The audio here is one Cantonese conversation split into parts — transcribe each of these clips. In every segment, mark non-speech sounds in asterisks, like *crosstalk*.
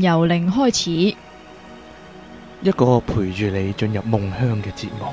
由零開始，一個陪住你進入夢鄉嘅節目。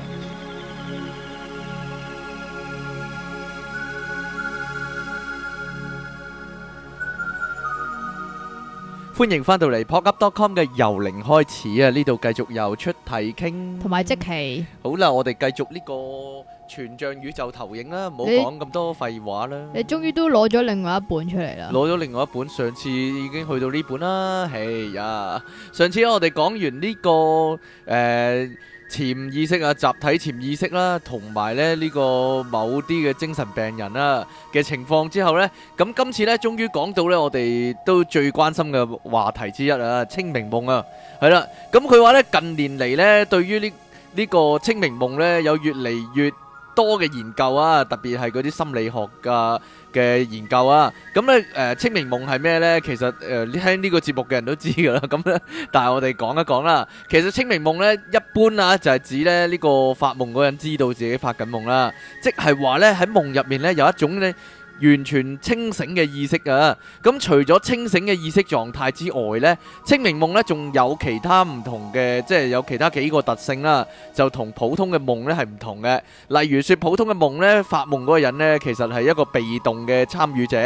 歡迎翻到嚟 PodUp.com 嘅由零開始啊！呢度繼續由出題傾，同埋即期。好啦，我哋繼續呢個全像宇宙投影啦，唔好講咁多廢話啦。你終於都攞咗另外一本出嚟啦！攞咗另外一本，上次已經去到呢本啦。唉呀，上次我哋講完呢個誒。潛意識啊，集體潛意識啦，同埋咧呢個某啲嘅精神病人啦嘅情況之後咧，咁今次咧終於講到咧我哋都最關心嘅話題之一啊，清明夢啊，係啦，咁佢話咧近年嚟，咧對於呢呢個清明夢咧有越嚟越。多嘅研究啊，特別係嗰啲心理學嘅嘅研究啊，咁咧誒清明夢係咩咧？其實誒聽呢個節目嘅人都知㗎啦，咁咧，但係我哋講一講啦。其實清明夢咧一般啦，就係指咧呢個發夢嗰人知道自己發緊夢啦，即係話咧喺夢入面咧有一種咧。完全清醒嘅意識啊！咁除咗清醒嘅意識狀態之外呢，清明夢呢仲有其他唔同嘅，即係有其他幾個特性啦，就同普通嘅夢呢係唔同嘅。例如說，普通嘅夢呢，發夢嗰個人呢其實係一個被動嘅參與者。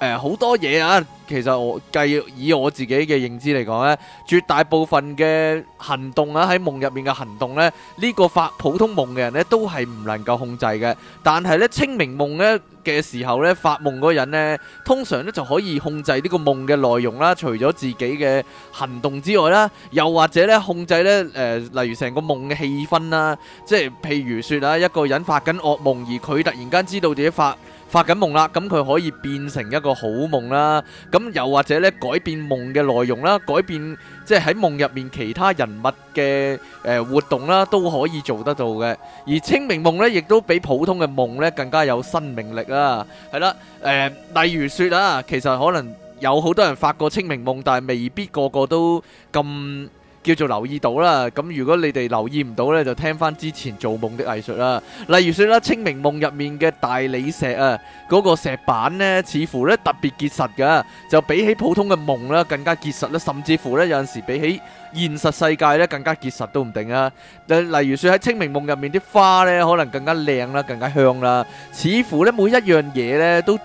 誒，好多嘢！啊！其實我計，以我自己嘅認知嚟講咧，絕大部分嘅行動啊，喺夢入面嘅行動咧，呢個發普通夢嘅人咧，都係唔能夠控制嘅。但係咧清明夢咧嘅時候咧，發夢嗰個人咧，通常咧就可以控制呢個夢嘅內容啦，除咗自己嘅行動之外啦，又或者咧控制咧誒，例如成個夢嘅氣氛啦，即係譬如說啊，一個人發緊噩夢而佢突然間知道自己發。發緊夢啦，咁佢可以變成一個好夢啦，咁又或者咧改變夢嘅內容啦，改變即係喺夢入面其他人物嘅誒活動啦，都可以做得到嘅。而清明夢呢，亦都比普通嘅夢呢更加有生命力啦，係啦，誒，例如說啊，其實可能有好多人發過清明夢，但係未必個個都咁。叫做留意到啦，咁如果你哋留意唔到咧，就聽翻之前做夢的藝術啦。例如說啦，清明夢入面嘅大理石啊，嗰個石板咧，似乎咧特別結實㗎，就比起普通嘅夢咧更加結實啦，甚至乎咧有陣時比起現實世界咧更加結實都唔定啊。例如說喺清明夢入面啲花咧，可能更加靚啦，更加香啦，似乎咧每一樣嘢咧都，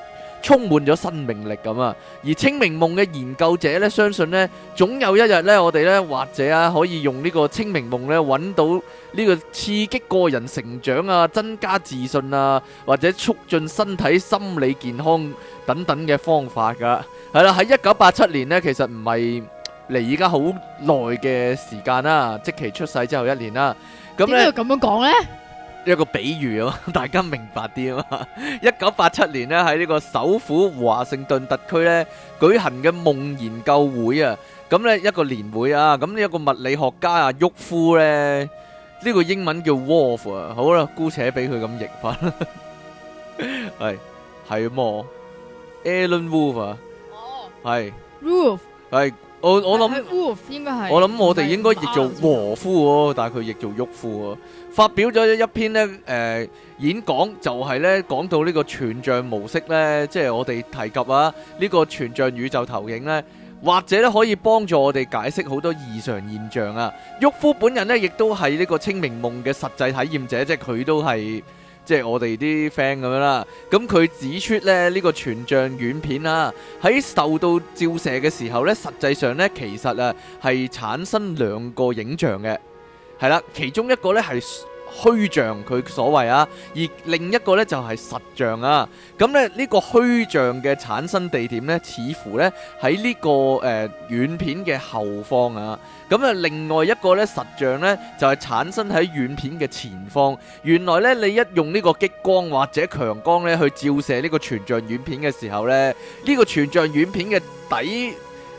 充滿咗生命力咁啊！而清明夢嘅研究者咧，相信咧，總有一日咧，我哋咧或者啊，可以用呢個清明夢咧，揾到呢個刺激個人成長啊、增加自信啊，或者促進身體心理健康等等嘅方法噶。係啦，喺一九八七年咧，其實唔係嚟而家好耐嘅時間啦，即其出世之後一年啦。點解要咁樣講咧？一個比喻啊，大家明白啲啊！嘛，一九八七年咧，喺呢個首府華盛頓特區咧舉行嘅夢研究會啊，咁咧一個年會啊，咁呢一個物理學家啊沃夫咧，呢個英文叫 Wolf 啊，好啦，姑且俾佢咁譯法，係係喎 Alan Wolf 啊，係 Wolf，係。我我諗，我諗我哋應該譯做和夫，但係佢譯做沃夫。發表咗一篇呢誒、呃、演講就係呢，講到呢個全像模式呢，即係我哋提及啊，呢、這個全像宇宙投影呢，或者呢可以幫助我哋解釋好多異常現象啊。沃夫本人呢，亦都係呢個清明夢嘅實際體驗者，即係佢都係。即係我哋啲 friend 咁樣啦，咁佢指出咧呢、呢個全像軟片啊，喺受到照射嘅時候咧，實際上咧其實啊係產生兩個影像嘅，係啦，其中一個咧係。虛像佢所謂啊，而另一個呢就係實像啊。咁咧呢個虛像嘅產生地點呢，似乎呢喺呢個誒軟片嘅後方啊。咁啊，另外一個呢實像呢，就係產生喺軟片嘅前方。原來呢，你一用呢個激光或者強光呢去照射呢個全像軟片嘅時候呢，呢個全像軟片嘅底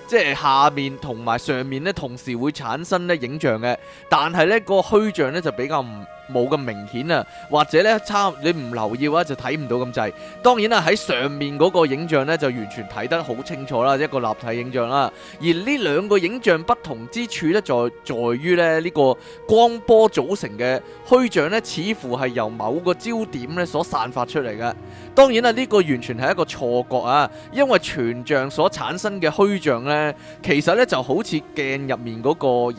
即係下面同埋上面呢，同時會產生呢影像嘅。但係呢個虛像呢，就比較唔冇咁明顯啊，或者咧差你唔留意嘅話就睇唔到咁滯，當然啦，喺上面個影像咧就完全睇得好清楚啦，一個立體影像啦。而呢兩個影像不同之處咧，在在於咧呢個光波組成嘅虛像咧，似乎係由某個焦點咧所散發出嚟嘅。當然啦，呢個完全係一個錯覺啊，因為全像所產生嘅虛像咧，其實咧就好似鏡入面個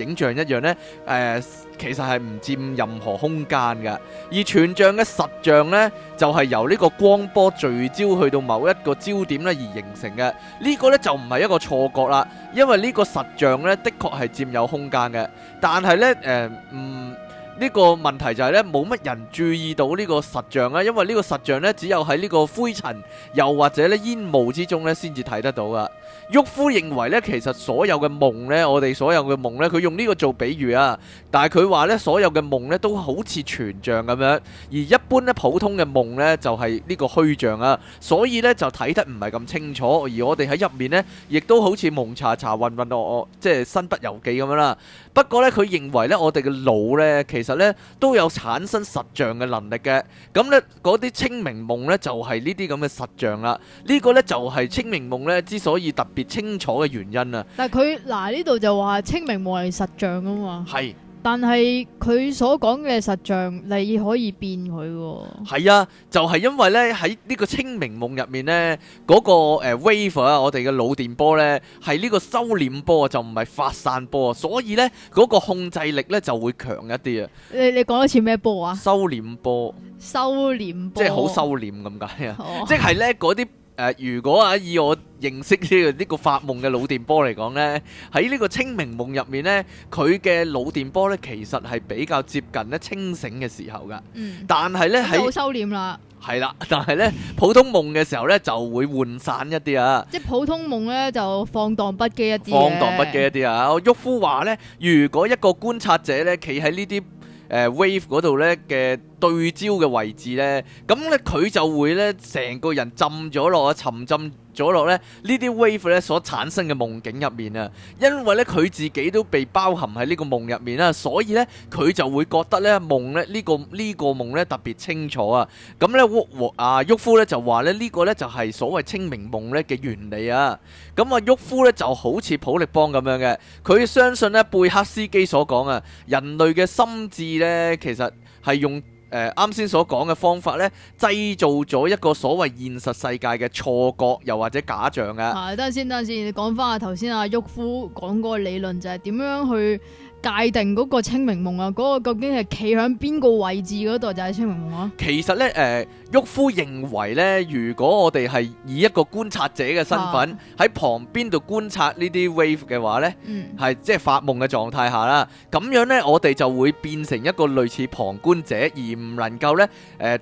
影像一樣咧。誒、呃、其實係唔佔任何空。空間嘅，而全像嘅實像呢，就係由呢個光波聚焦去到某一個焦點呢而形成嘅。呢個呢，就唔係一個錯覺啦，因為呢個實像呢，的確係佔有空間嘅。但係呢，誒、呃，嗯。呢個問題就係呢，冇乜人注意到呢個實像啊，因為呢個實像呢，只有喺呢個灰塵又或者呢煙霧之中呢，先至睇得到噶。沃夫認為呢，其實所有嘅夢呢，我哋所有嘅夢呢，佢用呢個做比喻啊，但係佢話呢，所有嘅夢呢都好似全像咁樣，而一般呢普通嘅夢呢，就係呢個虛像啊，所以呢，就睇得唔係咁清楚，而我哋喺入面呢，亦都好似蒙查查、混混噩噩，即係身不由己咁樣啦。不過咧，佢認為咧，我哋嘅腦咧，其實咧都有產生實像嘅能力嘅。咁咧，啲清明夢咧，就係呢啲咁嘅實像啦。呢、呢個咧就係清明夢咧之所以特別清楚嘅原因，但啊！嗱，佢嗱呢度就話清明夢係實像啊嘛。係。但係佢所講嘅實像，你可以變佢。係啊，就係因為咧喺呢個清明夢入面咧，嗰個誒 wave 啊，我哋嘅腦電波咧係呢個收斂波啊，就唔係發散波啊，所以咧嗰個控制力咧就會強一啲啊。你你講得似咩波啊？收斂波。收斂波。即係好收斂咁解啊！即係咧嗰啲。誒、呃，如果啊以我認識呢、這個呢、這個發夢嘅腦電波嚟講呢，喺呢個清明夢入面呢，佢嘅腦電波呢其實係比較接近咧清醒嘅時候噶、嗯。但係呢，喺，好收斂啦。係啦，但係呢普通夢嘅時候呢就會渙散一啲啊。即係普通夢呢就放蕩不羈一啲嘅。放蕩不羈一啲啊！沃夫話呢，如果一個觀察者呢企喺呢啲。誒、呃、wave 嗰度咧嘅對焦嘅位置咧，咁咧佢就會咧成個人浸咗落去沉浸咗落咧，呢啲 wave 咧所產生嘅夢境入面啊，因為咧佢自己都被包含喺呢個夢入面啦，所以咧佢就會覺得咧夢咧呢個呢個夢咧特別清楚啊。咁咧沃沃啊沃夫咧就話咧呢個咧就係所謂清明夢咧嘅原理啊。咁啊沃夫咧就好似普力邦咁樣嘅，佢相信咧貝克斯基所講啊，人類嘅心智咧其實係用。誒啱先所講嘅方法咧，製造咗一個所謂現實世界嘅錯覺，又或者假象嘅。係，等陣先，等陣先，你講翻下頭先阿鬱夫講嗰個理論，就係點樣去界定嗰個清明夢啊，嗰個究竟係企喺邊個位置嗰度就係清明夢啊？其實呢，誒、呃、沃夫認為呢，如果我哋係以一個觀察者嘅身份喺、啊、旁邊度觀察呢啲 wave 嘅話呢，係、嗯、即係發夢嘅狀態下啦，咁樣呢，我哋就會變成一個類似旁觀者，而唔能夠呢。誒、呃。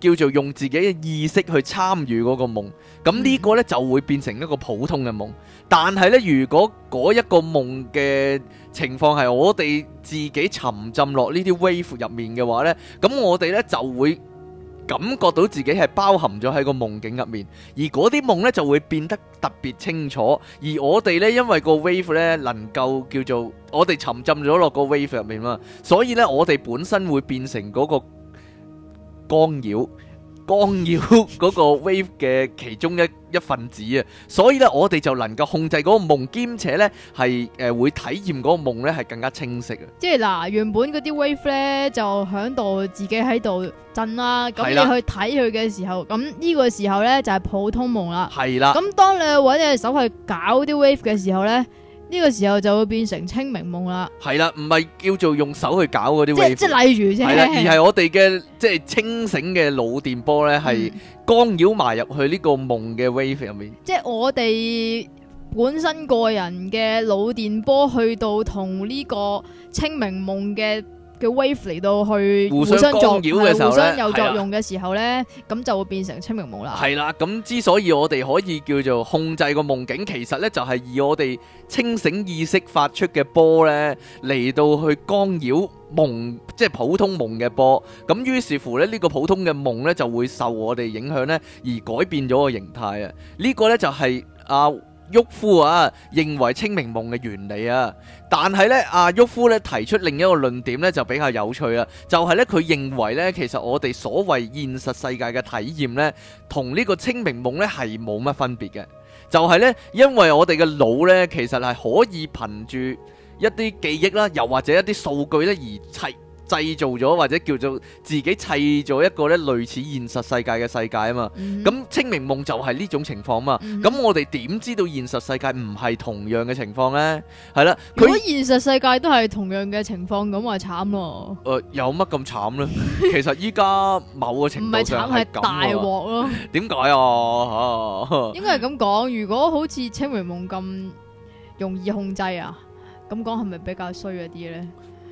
叫做用自己嘅意識去參與嗰個夢，咁呢個呢就會變成一個普通嘅夢。但係呢，如果嗰一個夢嘅情況係我哋自己沉浸落呢啲 wave 入面嘅話呢，咁我哋呢就會感覺到自己係包含咗喺個夢境入面，而嗰啲夢呢就會變得特別清楚。而我哋呢，因為個 wave 呢能夠叫做我哋沉浸咗落個 wave 入面嘛，所以呢我哋本身會變成嗰個。光耀，光耀嗰個 wave 嘅其中一一份子啊，所以咧，我哋就能夠控制嗰個夢，兼且咧，係誒會體驗嗰個夢咧係更加清晰啊。即係嗱，原本嗰啲 wave 咧就響度自己喺度震啦，咁你去睇佢嘅時候，咁呢個時候咧就係普通夢啦。係啦，咁當你揾隻手去搞啲 wave 嘅時候咧。呢個時候就會變成清明夢啦，係 *noise* 啦樂，唔係叫做用手去搞嗰啲，即係即係例如係啦， *music* 而係我哋嘅即係清醒嘅腦電波咧，係干擾埋入去呢個夢嘅 wave 入面，嗯，即係我哋本身個人嘅腦電波去到同呢個清明夢嘅。嘅 wave 嚟到去互相干擾嘅時候，互相有作用嘅時候咧，咁的就會變成清明夢啦。係啦，咁之所以我哋可以叫做控制個夢境，其實咧就係以我哋清醒意識發出嘅波咧，嚟到去干擾夢，即係普通夢嘅波。咁於是乎咧，呢個普通嘅夢咧就會受我哋影響咧而改變咗個形態啊！呢個咧就係啊～沃夫啊，認為清明夢嘅原理啊，但係咧，阿、啊、沃夫咧提出另一個論點咧就比較有趣啦，就係咧佢認為咧，其實我哋所謂現實世界嘅體驗咧，同呢個清明夢咧係冇乜分別嘅，就係、是、咧，因為我哋嘅腦咧其實係可以憑住一啲記憶啦，又或者一啲數據咧而砌。製造咗或者叫做自己砌咗一個咧類似現實世界嘅世界啊嘛，咁、嗯、哼清明夢就係呢種情況啊嘛，咁、嗯、哼我哋點知道現實世界唔係同樣嘅情況咧？係啦，如果他現實世界都係同樣嘅情況，咁咪慘咯。誒、呃，有乜咁慘咧？ *laughs* 其實依家某個情況唔係慘，係大鑊咯。點解啊？吓了，啊、 *laughs* 應該係咁講。如果好似清明夢咁容易控制啊，咁講係咪比較衰一啲咧？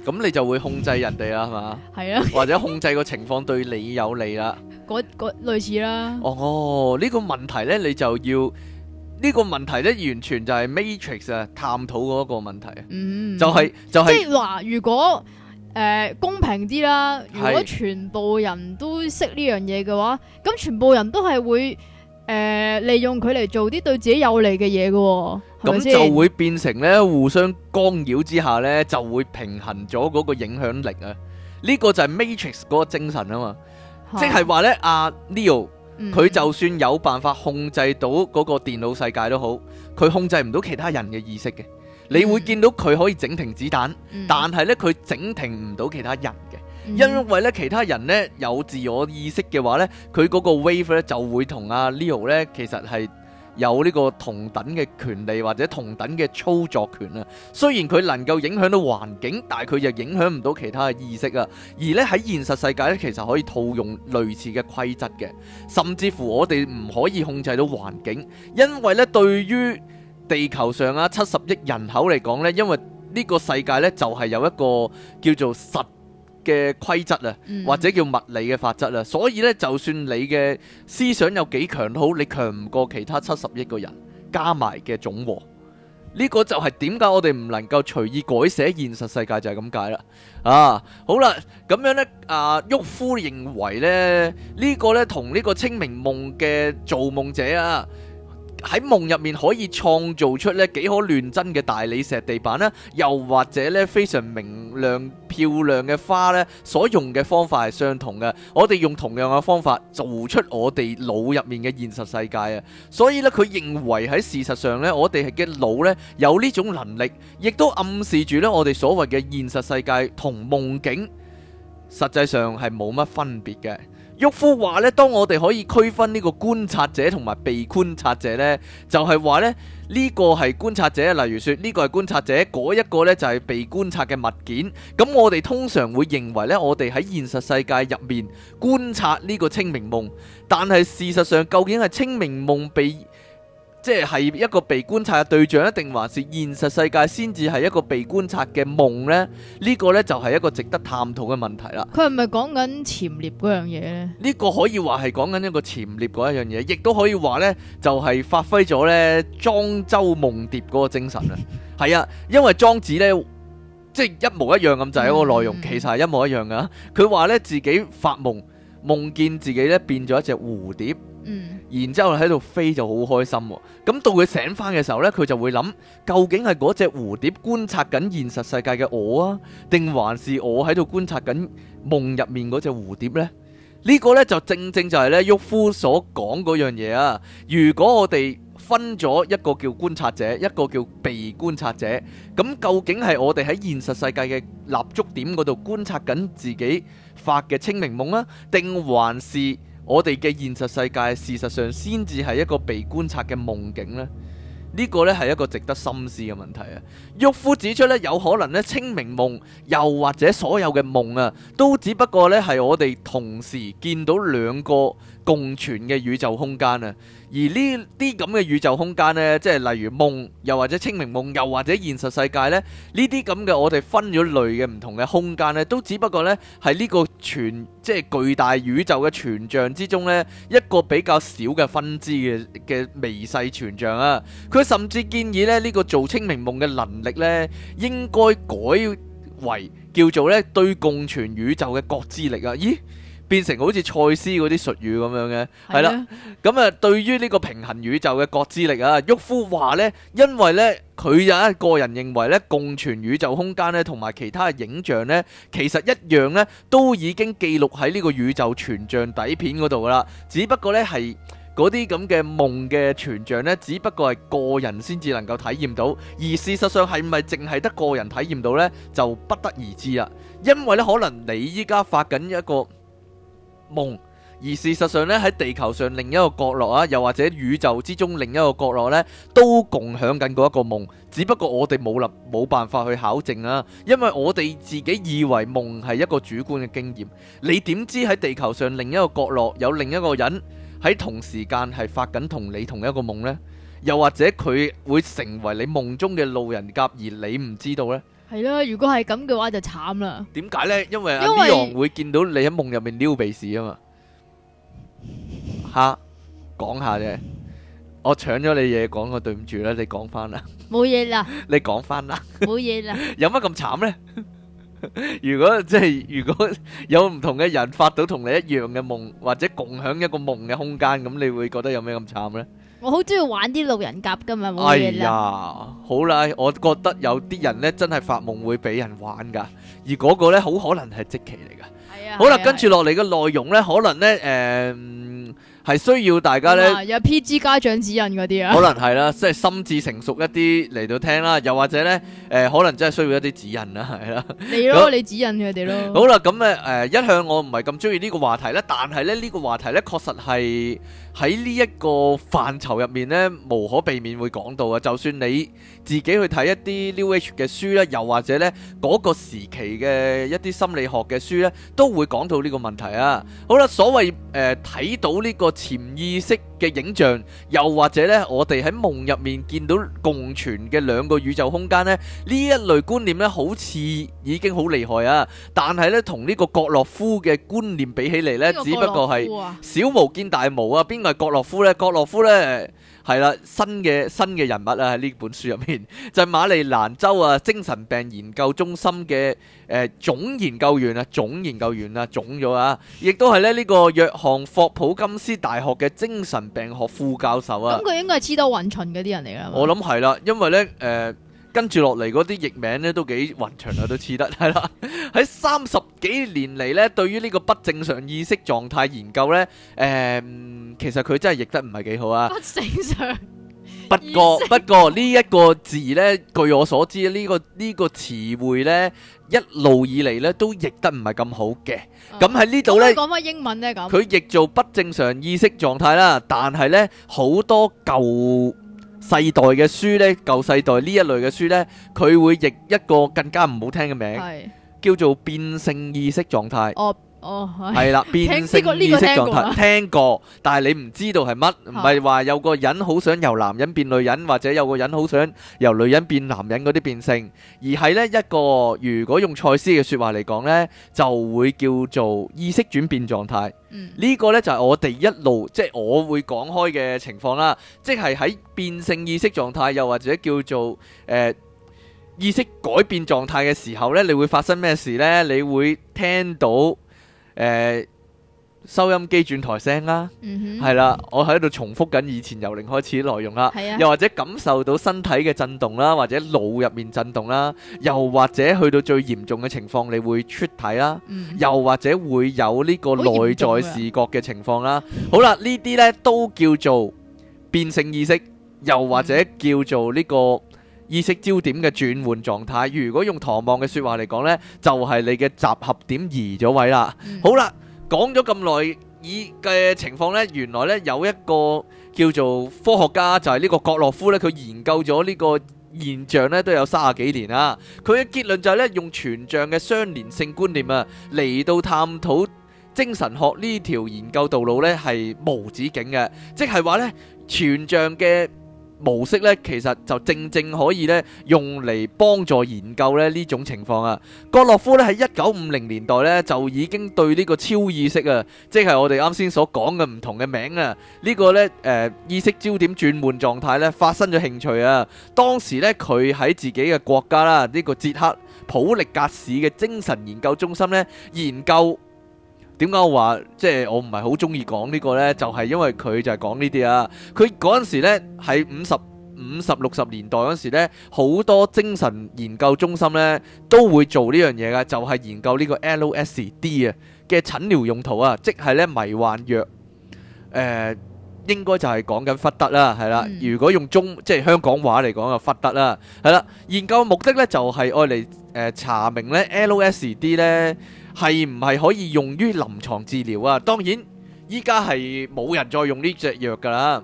咁你就會控制人哋啦，係嘛？係啊，或者控制個情況對你有利啦 *laughs* ，嗰嗰類似啦。哦，呢、這個問題咧，你就要呢、這個問題咧，完全就係 Matrix 啊探討嗰個問題，嗯嗯、就係、是、就係、是、即係話、呃，如果誒、呃、公平啲啦，如果全部人都識呢樣嘢嘅話，咁是全部人都係會誒、呃、利用佢嚟做啲對自己有利嘅嘢噶。咁就會變成咧互相干擾之下咧，就會平衡咗嗰個影響力啊！呢、這個就係 Matrix 嗰個精神啊嘛，啊即係話咧，阿 Neo 佢就算有辦法控制到嗰個電腦世界都好，佢控制唔到其他人嘅意識嘅。你會見到佢可以整停子彈，嗯、但係咧佢整停唔到其他人嘅，因為咧其他人咧有自我意識嘅話咧，佢嗰個 wave 咧就會同阿、啊、Neo 咧其實係。有呢個同等嘅權利或者同等嘅操作權啊，雖然佢能夠影響到環境，但係佢又影響唔到其他嘅意識啊。而呢，喺現實世界呢，其實可以套用類似嘅規則嘅，甚至乎我哋唔可以控制到環境，因為呢，對於地球上啊七十億人口嚟講呢，因為呢個世界呢，就係有一個叫做實。嘅規則啊，或者叫物理嘅法則啊，所以呢，就算你嘅思想有幾強都好，你強唔過其他七十億個人加埋嘅總和，呢、呢個就係點解我哋唔能夠隨意改寫現實世界就係咁解啦。啊，好啦，咁樣呢，阿、啊、沃夫認為呢，呢、呢個呢，同呢個清明夢嘅造夢者啊。喺夢入面可以創造出咧幾可亂真嘅大理石地板啦，又或者咧非常明亮漂亮嘅花咧，所用嘅方法係相同嘅。我哋用同樣嘅方法做出我哋腦入面嘅現實世界啊。所以咧，佢認為喺事實上咧，我哋係嘅腦咧有呢種能力，亦都暗示住咧我哋所謂嘅現實世界同夢境實際上係冇乜分別嘅。沃夫話咧，當我哋可以區分呢個觀察者同埋被觀察者呢，就係話咧，呢個係觀察者，例如説呢個係觀察者，嗰一個呢就係被觀察嘅物件。咁我哋通常會認為呢，我哋喺現實世界入面觀察呢個清明夢，但係事實上究竟係清明夢被即係一個被觀察嘅對象，一定還是現實世界先至係一個被觀察嘅夢呢？呢個呢，這個、就係一個值得探討嘅問題啦。佢係咪講緊潛獵嗰樣嘢？呢個可以話係講緊一個潛獵嗰一樣嘢，亦都可以話呢，就係、是、發揮咗呢莊周夢蝶嗰個精神啊。係 *laughs* 啊，因為莊子呢，即、就、係、是、一模一樣咁，就係一個內容，嗯嗯、其實係一模一樣噶。佢話呢，自己發夢，夢見自己呢變咗一隻蝴蝶。嗯。然之後喺度飛就好開心喎，啊，咁到佢醒返嘅時候呢，佢就會諗究竟係嗰隻蝴蝶觀察緊現實世界嘅我啊，定還是我喺度觀察緊夢入面嗰隻蝴蝶呢？呢、呢個呢，就正正就係呢，沃夫所講嗰樣嘢啊！如果我哋分咗一個叫觀察者，一個叫被觀察者，咁究竟係我哋喺現實世界嘅立足點嗰度觀察緊自己發嘅清明夢啊，定還是？我哋嘅現實世界，事實上先至係一個被觀察嘅夢境咧。呢、呢個咧係一個值得深思嘅問題啊。玉夫指出咧，有可能咧清明夢，又或者所有嘅夢啊，都只不過咧係我哋同時見到兩個共存嘅宇宙空間啊，而呢啲咁嘅宇宙空間呢，即係例如夢，又或者清明夢，又或者現實世界呢，呢啲咁嘅我哋分咗類嘅唔同嘅空間呢，都只不過呢，係呢個全即係巨大宇宙嘅全像之中呢，一個比較小嘅分支嘅嘅微細全像啊。佢甚至建議呢，呢個做清明夢嘅能力呢，應該改為叫做呢對共存宇宙嘅覺知力啊。咦？變成好似賽斯嗰啲術語咁樣嘅，係啦的。咁啊，對於呢個平衡宇宙嘅覺知力啊，沃夫話呢，因為呢，佢啊個人認為呢，共存宇宙空間呢，同埋其他嘅影像呢，其實一樣呢，都已經記錄喺呢個宇宙全像底片嗰度噶啦。只不過呢，係嗰啲咁嘅夢嘅全像呢，只不過係個人先至能夠體驗到，而事實上係咪淨係得個人體驗到呢，就不得而知啦。因為呢，可能你依家發緊一個夢，而事實上咧，喺地球上另一個角落啊，又或者宇宙之中另一個角落咧，都共享緊嗰一個夢。只不過我哋冇諗冇辦法去考證啊，因為我哋自己以為夢係一個主觀嘅經驗。你點知喺地球上另一個角落有另一個人喺同時間係發緊同你同一個夢呢？又或者佢會成為你夢中嘅路人甲，而你唔知道呢？係囉，如果係咁嘅話就慘啦。點解呢？因為阿呢王會見到你喺夢入面撩鼻屎啊嘛，吓，講下啫。我搶咗你嘢，講個對唔住啦，你講翻啦。冇嘢啦。你講翻啦。冇嘢啦。有乜咁慘呢？如果即係如果有唔同嘅人發到同你一樣嘅夢，或者共享一個夢嘅空間，咁你會覺得有咩咁慘呢？我好中意玩啲路人甲噶嘛。冇嘢啦。哎呀，好啦，我覺得有啲人呢真係發夢會俾人玩噶，而嗰個呢好可能係即奇嚟噶。係啊、哎呀，好啦，哎、呀跟住落嚟嘅內容呢，可能呢……誒、呃。係需要大家呢，嗯、有 PG 家長指引嗰啲啊， *laughs* 可能係啦，即係心智成熟一啲嚟到聽啦，又或者呢，誒、呃、可能真係需要一啲指引啊，係啦，你咯， *laughs* *laughs* 你指引佢哋咯。好啦，咁誒誒一向我唔係咁中意呢個話題呢。但係咧呢個話題呢，確實係喺呢一個範疇入面呢，無可避免會講到啊。就算你自己去睇一啲 New Age 嘅書呢，又或者呢嗰、嗰個時期嘅一啲心理學嘅書呢，都會講到呢個問題啊。好啦，所謂誒睇、呃、到呢、呢個。潛意識嘅影像，又或者呢，我哋喺夢入面見到共存嘅兩個宇宙空間呢，呢一類觀念呢，好似已經好厲害啊！但係呢，同呢個角洛夫嘅觀念比起嚟呢，只不過係小巫見大巫啊！邊個係角洛夫呢？角洛夫呢？係啦，新嘅新嘅人物啊，喺呢本書入面就係馬利蘭州啊精神病研究中心嘅誒總研究員啊，總研究員啊，總咗啊，亦都係咧呢個約翰霍普金斯大學嘅精神病學副教授啊。咁佢、嗯、應該係知道雲秦嗰啲人嚟啦。我諗係啦，因為咧誒。呃跟住落嚟嗰啲譯名咧都幾冗長啊，都似得係啦。喺三十幾年嚟咧，對於呢個不正常意識狀態研究咧，誒、呃，其實佢真係譯得唔係幾好啊。不正常不。不過不過呢一個字咧，據我所知呢、呢個呢、呢個詞彙咧，一路以嚟咧都譯得唔係咁好嘅。咁喺、啊、呢度咧。講翻英文咧咁。佢譯做不正常意識狀態啦，但係咧好多舊。世代嘅書呢，舊世代呢一類嘅書呢，佢會譯一個更加唔好聽嘅名，是叫做變性意識狀態。哦，係、哎、啦，了變性意識狀態聽，聽，聽過，但係你唔知道係乜，唔係話有個人好想由男人變女人，或者有個人好想由女人變男人嗰啲變性，而係呢一個如果用賽斯嘅說話嚟講呢，就會叫做意識轉變狀態。呢、嗯、個呢就係我哋一路即係、就是、我會講開嘅情況啦，即係喺變性意識狀態，又或者叫做誒、呃、意識改變狀態嘅時候呢，你會發生咩事呢？你會聽到。誒，uh, 收音機轉台聲啦，係啦、mm hmm.，我喺度重複緊以前由零開始嘅內容啦，mm hmm. 又或者感受到身體嘅震動啦，或者腦入面震動啦，又或者去到最嚴重嘅情況，你會出體啦，mm hmm. 又或者會有呢個內在視覺嘅情況啦。好啦，呢啲呢都叫做變性意識，又或者叫做呢個。意識焦點嘅轉換狀態，如果用唐望嘅説話嚟講呢就係、是、你嘅集合點移咗位啦。嗯、好啦，講咗咁耐已嘅情況呢，原來呢有一個叫做科學家，就係、是、呢個格洛夫呢佢研究咗呢個現象呢都有三十幾年啦。佢嘅結論就係呢：用全像嘅相連性觀念啊，嚟到探討精神學呢條研究道路呢係無止境嘅，即係話呢全像嘅。模式咧，其實就正正可以咧用嚟幫助研究咧呢種情況啊。格洛夫咧喺一九五零年代咧就已經對呢個超意識啊，即係我哋啱先所講嘅唔同嘅名啊，呢、這個咧誒、呃、意識焦點轉換狀態咧發生咗興趣啊。當時呢，佢喺自己嘅國家啦，呢、這個捷克普力格市嘅精神研究中心咧研究。點解我話即係我唔係好鍾意講呢個咧？就係因為佢就係講呢啲啊！佢嗰陣時咧喺五十五十六十年代嗰陣時咧，好多精神研究中心咧都會做呢樣嘢嘅，就係研究呢個 LSD 啊嘅診療用途啊，即係咧迷幻藥。誒，應該就係講緊忽得啦，係啦。如果用中即係香港話嚟講啊，就忽得啦，係啦。研究目的咧就係愛嚟誒查明咧 LSD 咧。係唔係可以用於臨床治療啊？當然，依家係冇人再用呢隻藥噶啦。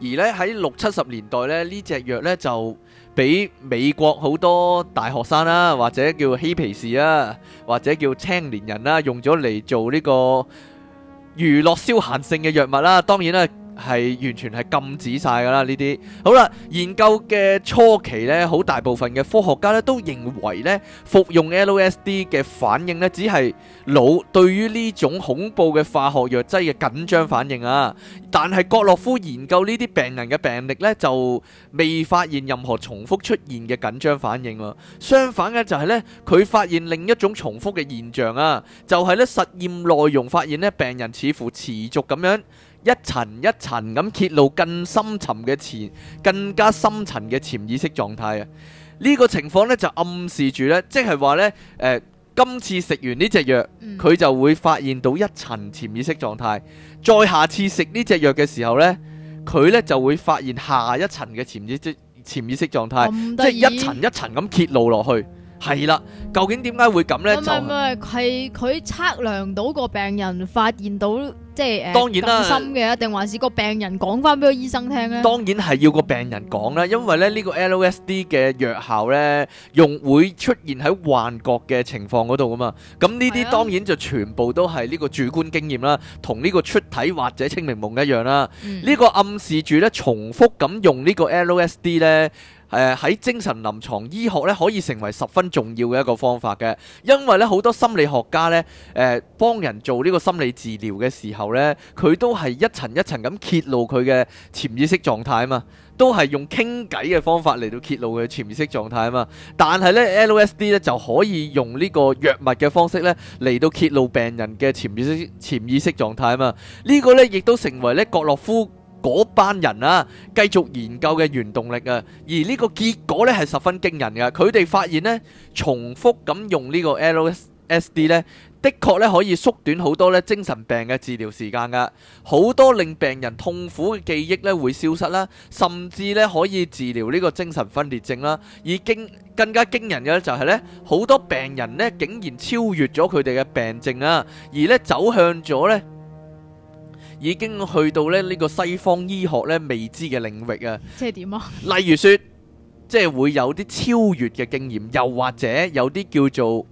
而呢喺六七十年代呢，呢隻藥呢就俾美國好多大學生啦，或者叫嬉皮士啊，或者叫青年人啦，用咗嚟做呢個娛樂消閒性嘅藥物啦。當然啦。係完全係禁止曬噶啦呢啲。好啦，研究嘅初期咧，好大部分嘅科學家咧都認為咧服用 LSD 嘅反應咧只係腦對於呢種恐怖嘅化學藥劑嘅緊張反應啊。但係格洛夫研究呢啲病人嘅病歷咧，就未發現任何重複出現嘅緊張反應喎。相反咧，就係咧佢發現另一種重複嘅現象啊，就係咧實驗內容發現咧病人似乎持續咁樣。一層一層咁揭露更深沉嘅潛更加深層嘅潛意識狀態啊！呢個情況呢，就暗示住呢，即係話呢，誒，今次食完呢隻藥，佢、嗯、就會發現到一層潛意識狀態。再下次食呢隻藥嘅時候呢，佢呢就會發現下一層嘅潛意識潛意識狀態，即係一層一層咁揭露落去。係啦，究竟點解會咁咧？唔係唔係，就係佢測量到個病人發現到即係誒，當然啦，深嘅，定還是個病人講翻俾個醫生聽咧？當然係要個病人講啦，因為咧呢個 LSD 嘅藥效咧，用會出現喺幻覺嘅情況嗰度噶嘛。咁呢啲當然就全部都係呢個主觀經驗啦，同呢個出體或者清明夢一樣啦。呢個暗示住咧，重複咁用呢個 LSD 咧。誒喺，呃、精神臨床醫學可以成為十分重要嘅一個方法嘅。因為咧好多心理學家咧，呃、幫人做呢個心理治療嘅時候咧，佢都係一層一層咁揭露佢嘅潛意識狀態嘛。都係用傾偈嘅方法嚟到揭露佢嘅潛意識狀態嘛，但係咧 LSD 咧就可以用呢個藥物嘅方式咧嚟到揭露病人嘅潛意識潛意識狀態嘛，呢、呢個咧亦都成為咧格洛夫嗰班人啊，繼續研究嘅原動力啊，而呢個結果咧係十分驚人嘅。佢哋發現咧，重複咁用呢個 LSD 咧，的確咧可以縮短好多咧精神病嘅治療時間噶，好多令病人痛苦嘅記憶咧會消失啦，甚至咧可以治療呢個精神分裂症啦。而驚更加驚人嘅咧就係咧，好多病人咧竟然超越咗佢哋嘅病症啊，而咧走向咗咧。已經去到咧呢個西方醫學咧未知嘅領域啊！即係點啊？例如說，即係會有啲超越嘅經驗，又或者有啲叫做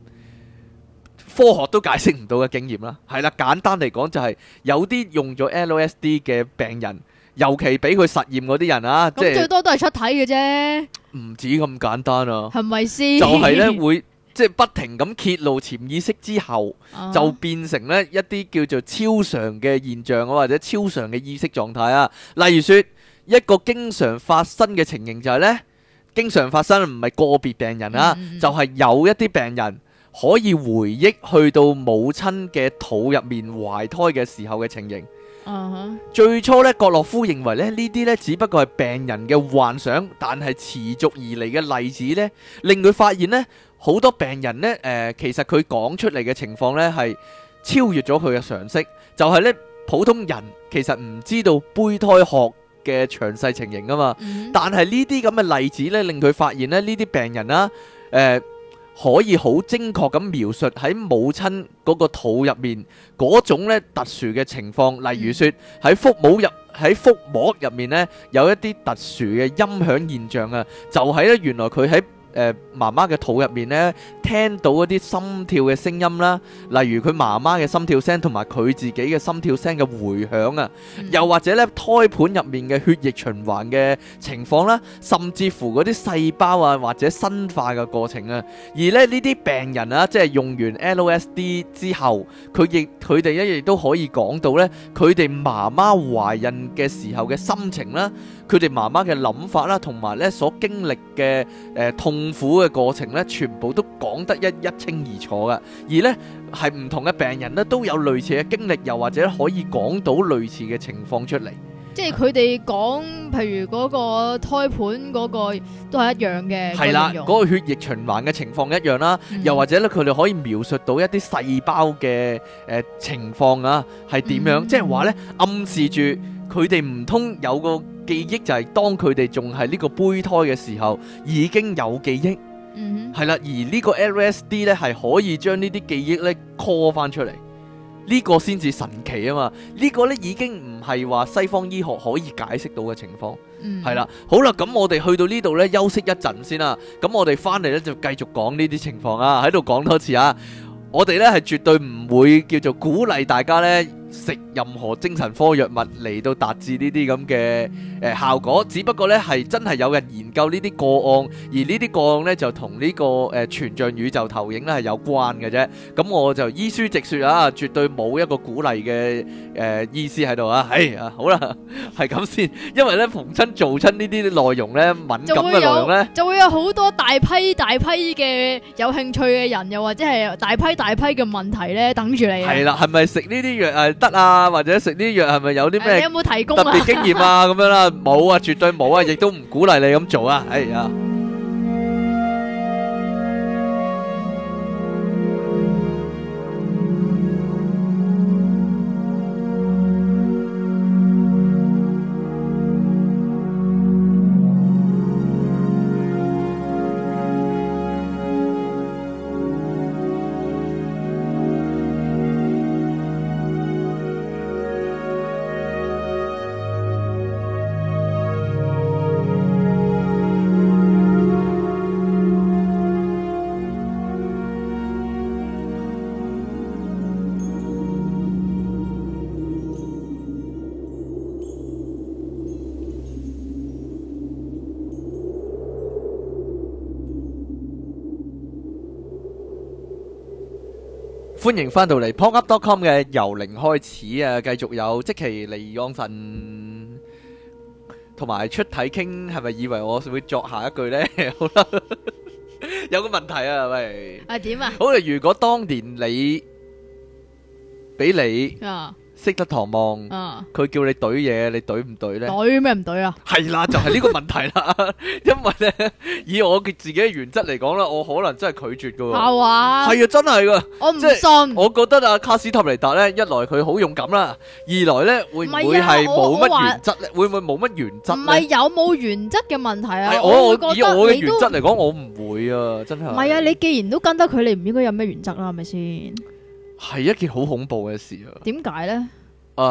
科學都解釋唔到嘅經驗啦。係啦，簡單嚟講就係有啲用咗 LSD 嘅病人，尤其俾佢實驗嗰啲人啊，即係最多都係出體嘅啫，唔止咁簡單啊！係咪先？就係咧會。即係不停咁揭露潛意識之後，就變成咧一啲叫做超常嘅現象啊，或者超常嘅意識狀態啊。例如說，一個經常發生嘅情形就係呢：經常發生唔係個別病人啊，嗯、就係有一啲病人可以回憶去到母親嘅肚入面懷胎嘅時候嘅情形。Uh huh. 最初咧，葛洛夫認為咧呢啲咧只不過係病人嘅幻想，但係持續而嚟嘅例子呢，令佢發現呢，好多病人呢，誒、呃，其實佢講出嚟嘅情況呢，係超越咗佢嘅常識，就係、是、呢，普通人其實唔知道胚胎學嘅詳細情形啊嘛，uh huh. 但係呢啲咁嘅例子呢，令佢發現咧呢啲病人啦、啊，誒、呃。可以好精確咁描述喺母親嗰個肚入面嗰種咧特殊嘅情況，例如說喺腹母入喺腹膜入面咧有一啲特殊嘅音響現象啊，就係咧，原來佢喺。誒、呃，媽媽嘅肚入面咧，聽到一啲心跳嘅聲音啦，例如佢媽媽嘅心跳聲同埋佢自己嘅心跳聲嘅回響啊，又或者咧胎盤入面嘅血液循環嘅情況啦，啊，甚至乎嗰啲細胞啊或者生化嘅過程啊，而咧呢啲病人啊，即係用完 LSD 之後，佢亦佢哋一亦都可以講到咧，佢哋媽媽懷孕嘅時候嘅心情啦，啊。佢哋媽媽嘅諗法啦，同埋咧所經歷嘅誒痛苦嘅過程咧，全部都講得一一清二楚㗎。而咧係唔同嘅病人咧，都有類似嘅經歷，又或者可以講到類似嘅情況出嚟。即係佢哋講，譬如嗰個胎盤嗰個都係一樣嘅，係啦，嗰個血液循環嘅情況一樣啦。又或者咧，佢哋可以描述到一啲細胞嘅誒情況啊，係點樣？即係話咧，暗示住佢哋唔通有個。記憶就係當佢哋仲係呢個胚胎嘅時候，已經有記憶，嗯，係啦，而呢個 LSD 呢係可以將呢啲記憶呢 call 翻出嚟，呢個先至神奇啊嘛，呢個呢已經唔係話西方醫學可以解釋到嘅情況，嗯，係啦，好啦，咁我哋去到呢度呢休息一陣先啦，咁我哋翻嚟呢就繼續講呢啲情況啊，喺度講多次啊，我哋呢係絕對唔會叫做鼓勵大家呢。食任何精神科藥物嚟，到達至呢啲咁嘅誒效果，只不過咧係真係有人研究呢啲個案，而呢啲個案咧就同呢個誒全像宇宙投影咧係有關嘅啫。咁我就依書直說啊，絕對冇一個鼓勵嘅誒意思喺度啊。唉啊，好啦，係咁先，因為咧逢親做親呢啲內容咧，敏感嘅內容咧，就會有好多大批大批嘅有興趣嘅人，又或者係大批大批嘅問題咧等住你。係啦，係咪食呢啲藥啊？得啊，或者食啲藥係咪有啲咩特別經驗啊？咁 *laughs* 樣啦，冇啊，絕對冇啊，亦都唔鼓勵你咁做啊，哎呀！歡迎翻到嚟 pokup.com 嘅由零開始啊，繼續有即期離岸瞓。同埋出體傾，係咪以為我會作下一句呢？好啦，有個問題啊，喂，啊點啊？好啦，如果當年你俾你 *laughs* *laughs* 識得唐望，佢叫你懟嘢，你懟唔懟咧？懟咩唔懟啊？係啦，就係呢個問題啦。因為咧，以我嘅自己嘅原則嚟講啦，我可能真係拒絕噶。係嘛？係啊，真係噶。我唔信。我覺得阿卡斯塔尼達咧，一來佢好勇敢啦，二來咧會唔會係冇乜原則，會唔會冇乜原則？唔係有冇原則嘅問題啊？我以我嘅原則嚟講，我唔會啊，真係。唔係啊，你既然都跟得佢，你唔應該有咩原則啦，係咪先？係一件好恐怖嘅事啊！點解呢？誒，uh,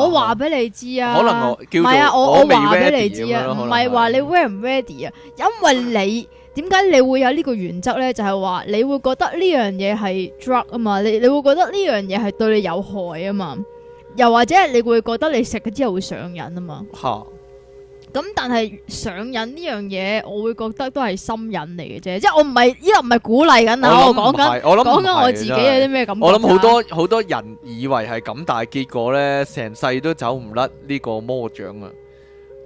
我話俾你知啊，可能我叫唔係啊，我我話俾你知啊，唔係話你 ready 唔 ready 啊，因為你點解你會有呢個原則呢？就係話你會覺得呢樣嘢係 drug 啊嘛，你你會覺得呢樣嘢係對你有害啊嘛，又或者你會覺得你食咗之後會上癮啊嘛。 *laughs* 咁但係上癮呢樣嘢，我會覺得都係心癮嚟嘅啫，即係我唔係呢個唔係鼓勵緊啦，我講緊，我諗，講緊我自己有啲咩感覺。我諗好多好多人以為係咁，但係結果咧，成世都走唔甩呢個魔掌啊！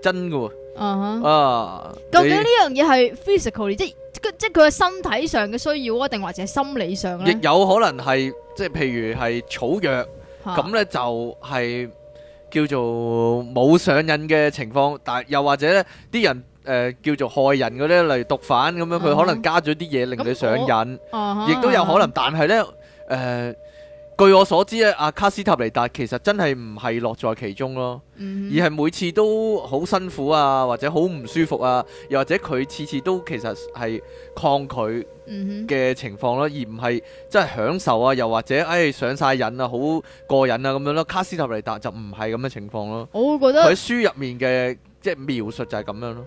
真噶，啊啊！究竟呢樣嘢係 physical，即係即係佢嘅身體上嘅需要啊，定或者係心理上咧？亦有可能係即係譬如係草藥，咁咧就係。叫做冇上癮嘅情況，但又或者咧，啲人誒叫做害人嗰啲，例如毒販咁樣，佢、嗯、可能加咗啲嘢令你上癮，亦、嗯嗯嗯嗯、都有可能。嗯嗯嗯嗯、但係呢。誒、呃。據我所知咧，阿卡斯塔尼達其實真係唔係樂在其中咯，mm hmm. 而係每次都好辛苦啊，或者好唔舒服啊，又或者佢次次都其實係抗拒嘅情況咯，而唔係真係享受啊，又或者誒、哎、上晒癮啊，好過癮啊咁樣咯。卡斯塔尼達就唔係咁嘅情況咯。我會覺得佢喺書入面嘅即係描述就係咁樣咯，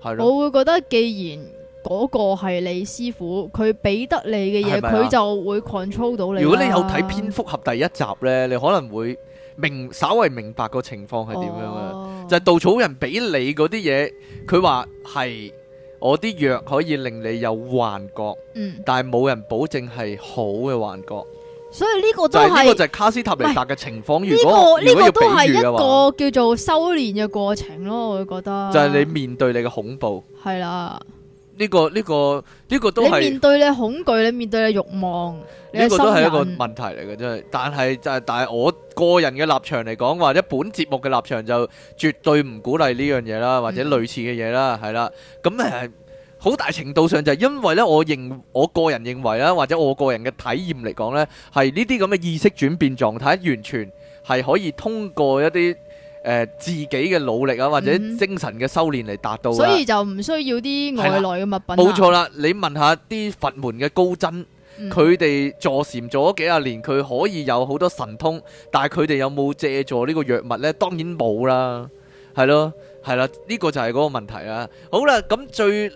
係咯。我會覺得既然嗰個係你師傅，佢俾得你嘅嘢，佢吧就會 control 到你。如果你有睇《蝙蝠俠》第一集呢，你可能會明稍微明白個情況係點樣嘅。哦、就係稻草人俾你嗰啲嘢，佢話係我啲藥可以令你有幻覺，嗯、但係冇人保證係好嘅幻覺。所以呢個都係呢個就係卡斯塔尼達嘅情況。這個、如果呢、這個、呢個都係一個叫做修煉嘅過程咯，我會覺得就係你面對你嘅恐怖。係啦。呢、這個呢、這個呢、這個都係面對你恐懼，你面對你慾望，呢個都係一個問題嚟嘅，真係。但係就係，但係我個人嘅立場嚟講，或者本節目嘅立場就絕對唔鼓勵呢樣嘢啦，或者類似嘅嘢啦，係啦、嗯。咁誒，好、嗯、大程度上就係因為呢，我認我個人認為啦，或者我個人嘅體驗嚟講呢，係呢啲咁嘅意識轉變狀態，完全係可以通過一啲。誒、呃，自己嘅努力啊，或者精神嘅修煉嚟達到、嗯，所以就唔需要啲外來嘅物品啊。冇錯啦，你問下啲佛門嘅高僧，佢哋、嗯、哼坐禪做咗幾廿年，佢可以有好多神通，但係佢哋有冇借助呢個藥物呢？當然冇啦，係咯，係啦，呢、這個就係嗰個問題啦。好啦，咁最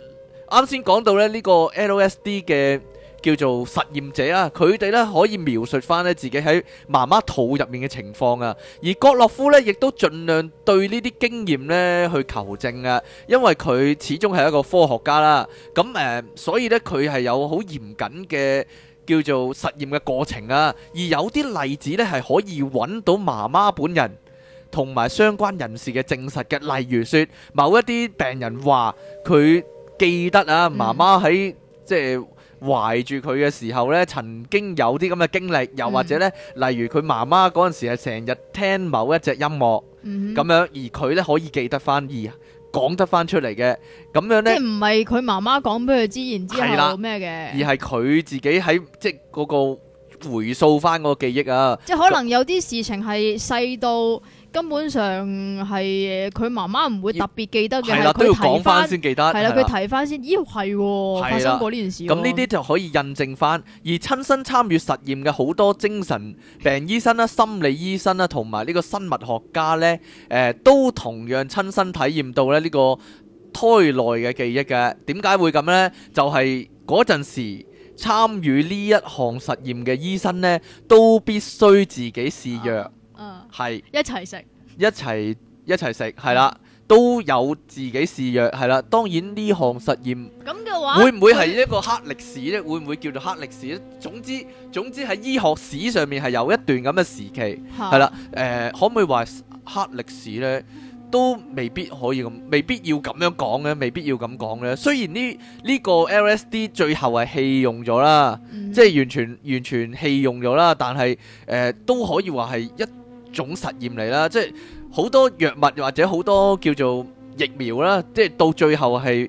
啱先講到咧呢、這個 LSD 嘅。叫做實驗者啊，佢哋咧可以描述翻咧自己喺媽媽肚入面嘅情況啊。而郭洛夫咧亦都盡量對呢啲經驗咧去求證啊，因為佢始終係一個科學家啦。咁誒，所以咧佢係有好嚴謹嘅叫做實驗嘅過程啊。而有啲例子咧係可以揾到媽媽本人同埋相關人士嘅證實嘅，例如說某一啲病人話佢記得啊，媽媽喺即係。懷住佢嘅時候呢，曾經有啲咁嘅經歷，又或者呢，例如佢媽媽嗰陣時係成日聽某一隻音樂，咁、嗯、哼樣而佢呢可以記得翻，而講得翻出嚟嘅，咁樣呢？即唔係佢媽媽講俾佢知然，然之後咩嘅，而係佢自己喺即係嗰個回溯翻嗰個記憶啊，即係可能有啲事情係細到。根本上係佢媽媽唔會特別記得嘅，係啦也，都要講翻先記得，係啦的，佢睇翻先，咦，係發生過呢件事，啊，咁呢啲就可以印證翻。而親身參與實驗嘅好多精神病醫生啦、 *laughs* 心理醫生啦，同埋呢個生物學家呢，誒、呃，都同樣親身體驗到咧呢個胎內嘅記憶嘅。點解會咁呢？就係嗰陣時參與呢一項實驗嘅醫生呢，都必須自己試藥。啊嗯，係一齊食，一齊一齊食，係啦，都有自己試藥，係啦。當然呢項實驗咁嘅話，會唔會係一個黑歷史咧？ *laughs* 會唔會叫做黑歷史咧？總之總之喺醫學史上面係有一段咁嘅時期，係啦。 *laughs* 誒、呃，可唔可以話黑歷史咧？都未必可以咁，未必要咁樣講嘅，未必要咁講咧。雖然呢呢、呢個 LSD 最後係棄用咗啦，即係、嗯、完全完全棄用咗啦，但係誒、呃、都可以話係一種實驗嚟啦，即係好多藥物或者好多叫做疫苗啦，即係到最後係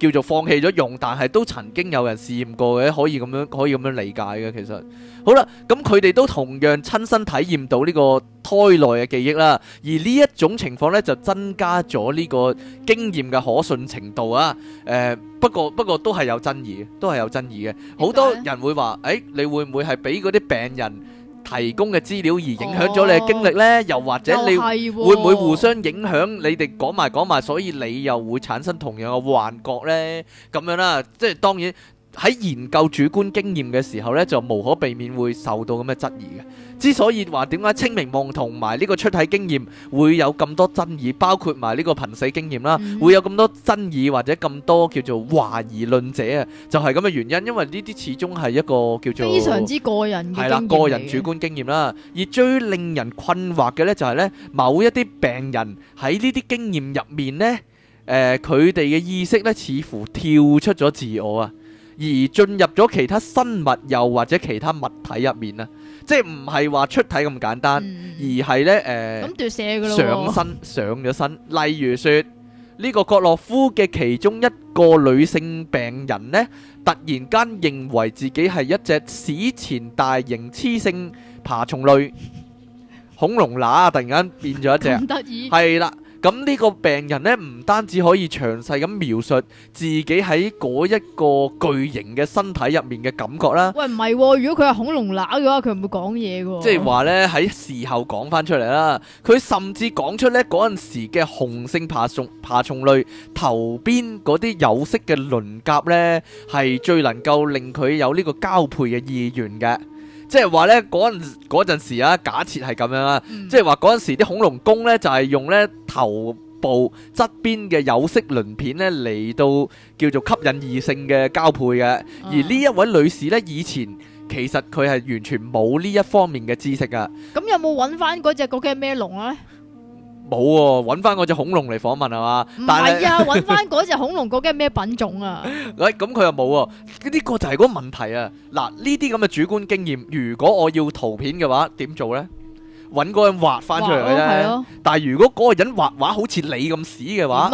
叫做放棄咗用，但係都曾經有人試驗過嘅，可以咁樣可以咁樣理解嘅。其實好啦，咁佢哋都同樣親身體驗到呢個胎內嘅記憶啦，而呢一種情況呢就增加咗呢個經驗嘅可信程度啊。誒，不過不過都係有爭議，都係有爭議嘅。好多人會話：誒，你會唔會係俾嗰啲病人？提供嘅資料而影響咗你嘅經歷呢？又或者你會唔會互相影響？你哋講埋講埋，所以你又會產生同樣嘅幻覺呢？咁樣啦，即係當然。喺研究主觀經驗嘅時候咧，就無可避免會受到咁嘅質疑嘅。之所以話點解清明夢同埋呢個出體經驗會有咁多爭議，包括埋呢個瀕死經驗啦，嗯、會有咁多爭議或者咁多叫做懷疑論者啊，就係咁嘅原因。因為呢啲始終係一個叫做非常之個人，係啦，個人主觀經驗啦。而最令人困惑嘅咧，就係、是、咧某一啲病人喺呢啲經驗入面咧，誒佢哋嘅意識咧似乎跳出咗自我啊。而進入咗其他生物又或者其他物體入面啦，即係唔係話出體咁簡單，嗯、而係咧誒上身上咗身。例如說呢、呢個角洛夫嘅其中一個女性病人呢，突然間認為自己係一隻史前大型雌性爬蟲類 *laughs* 恐龍乸、呃、突然間變咗一隻，咁得意，係啦。咁呢個病人咧，唔單止可以詳細咁描述自己喺嗰一個巨型嘅身體入面嘅感覺啦。喂，唔係喎，如果佢係恐龍乸嘅話，佢唔會講嘢喎。即係話咧，喺事後講翻出嚟啦。佢甚至講出咧嗰陣時嘅雄性爬蟲爬蟲類頭邊嗰啲有色嘅鱗甲咧，係最能夠令佢有呢個交配嘅意願嘅。即係話呢，嗰陣嗰陣時啊，假設係咁樣啦，即係話嗰陣時啲恐龍公呢，就係用呢頭部側邊嘅有色鱗片呢嚟到叫做吸引異性嘅交配嘅，嗯、而呢一位女士呢，以前其實佢係完全冇呢一方面嘅知識啊。咁有冇揾翻嗰隻究竟係咩龍啊？冇喎，揾翻嗰隻恐龍嚟訪問係嘛？唔係啊，揾翻嗰隻恐龍，究竟係咩品種啊？喂、 *laughs* 哎，咁佢又冇喎，呢、這個就係個問題啊！嗱，呢啲咁嘅主觀經驗，如果我要圖片嘅話，點做咧？揾嗰人畫翻出嚟嘅啫。Okay, 但係如果嗰個人畫畫好似你咁屎嘅話，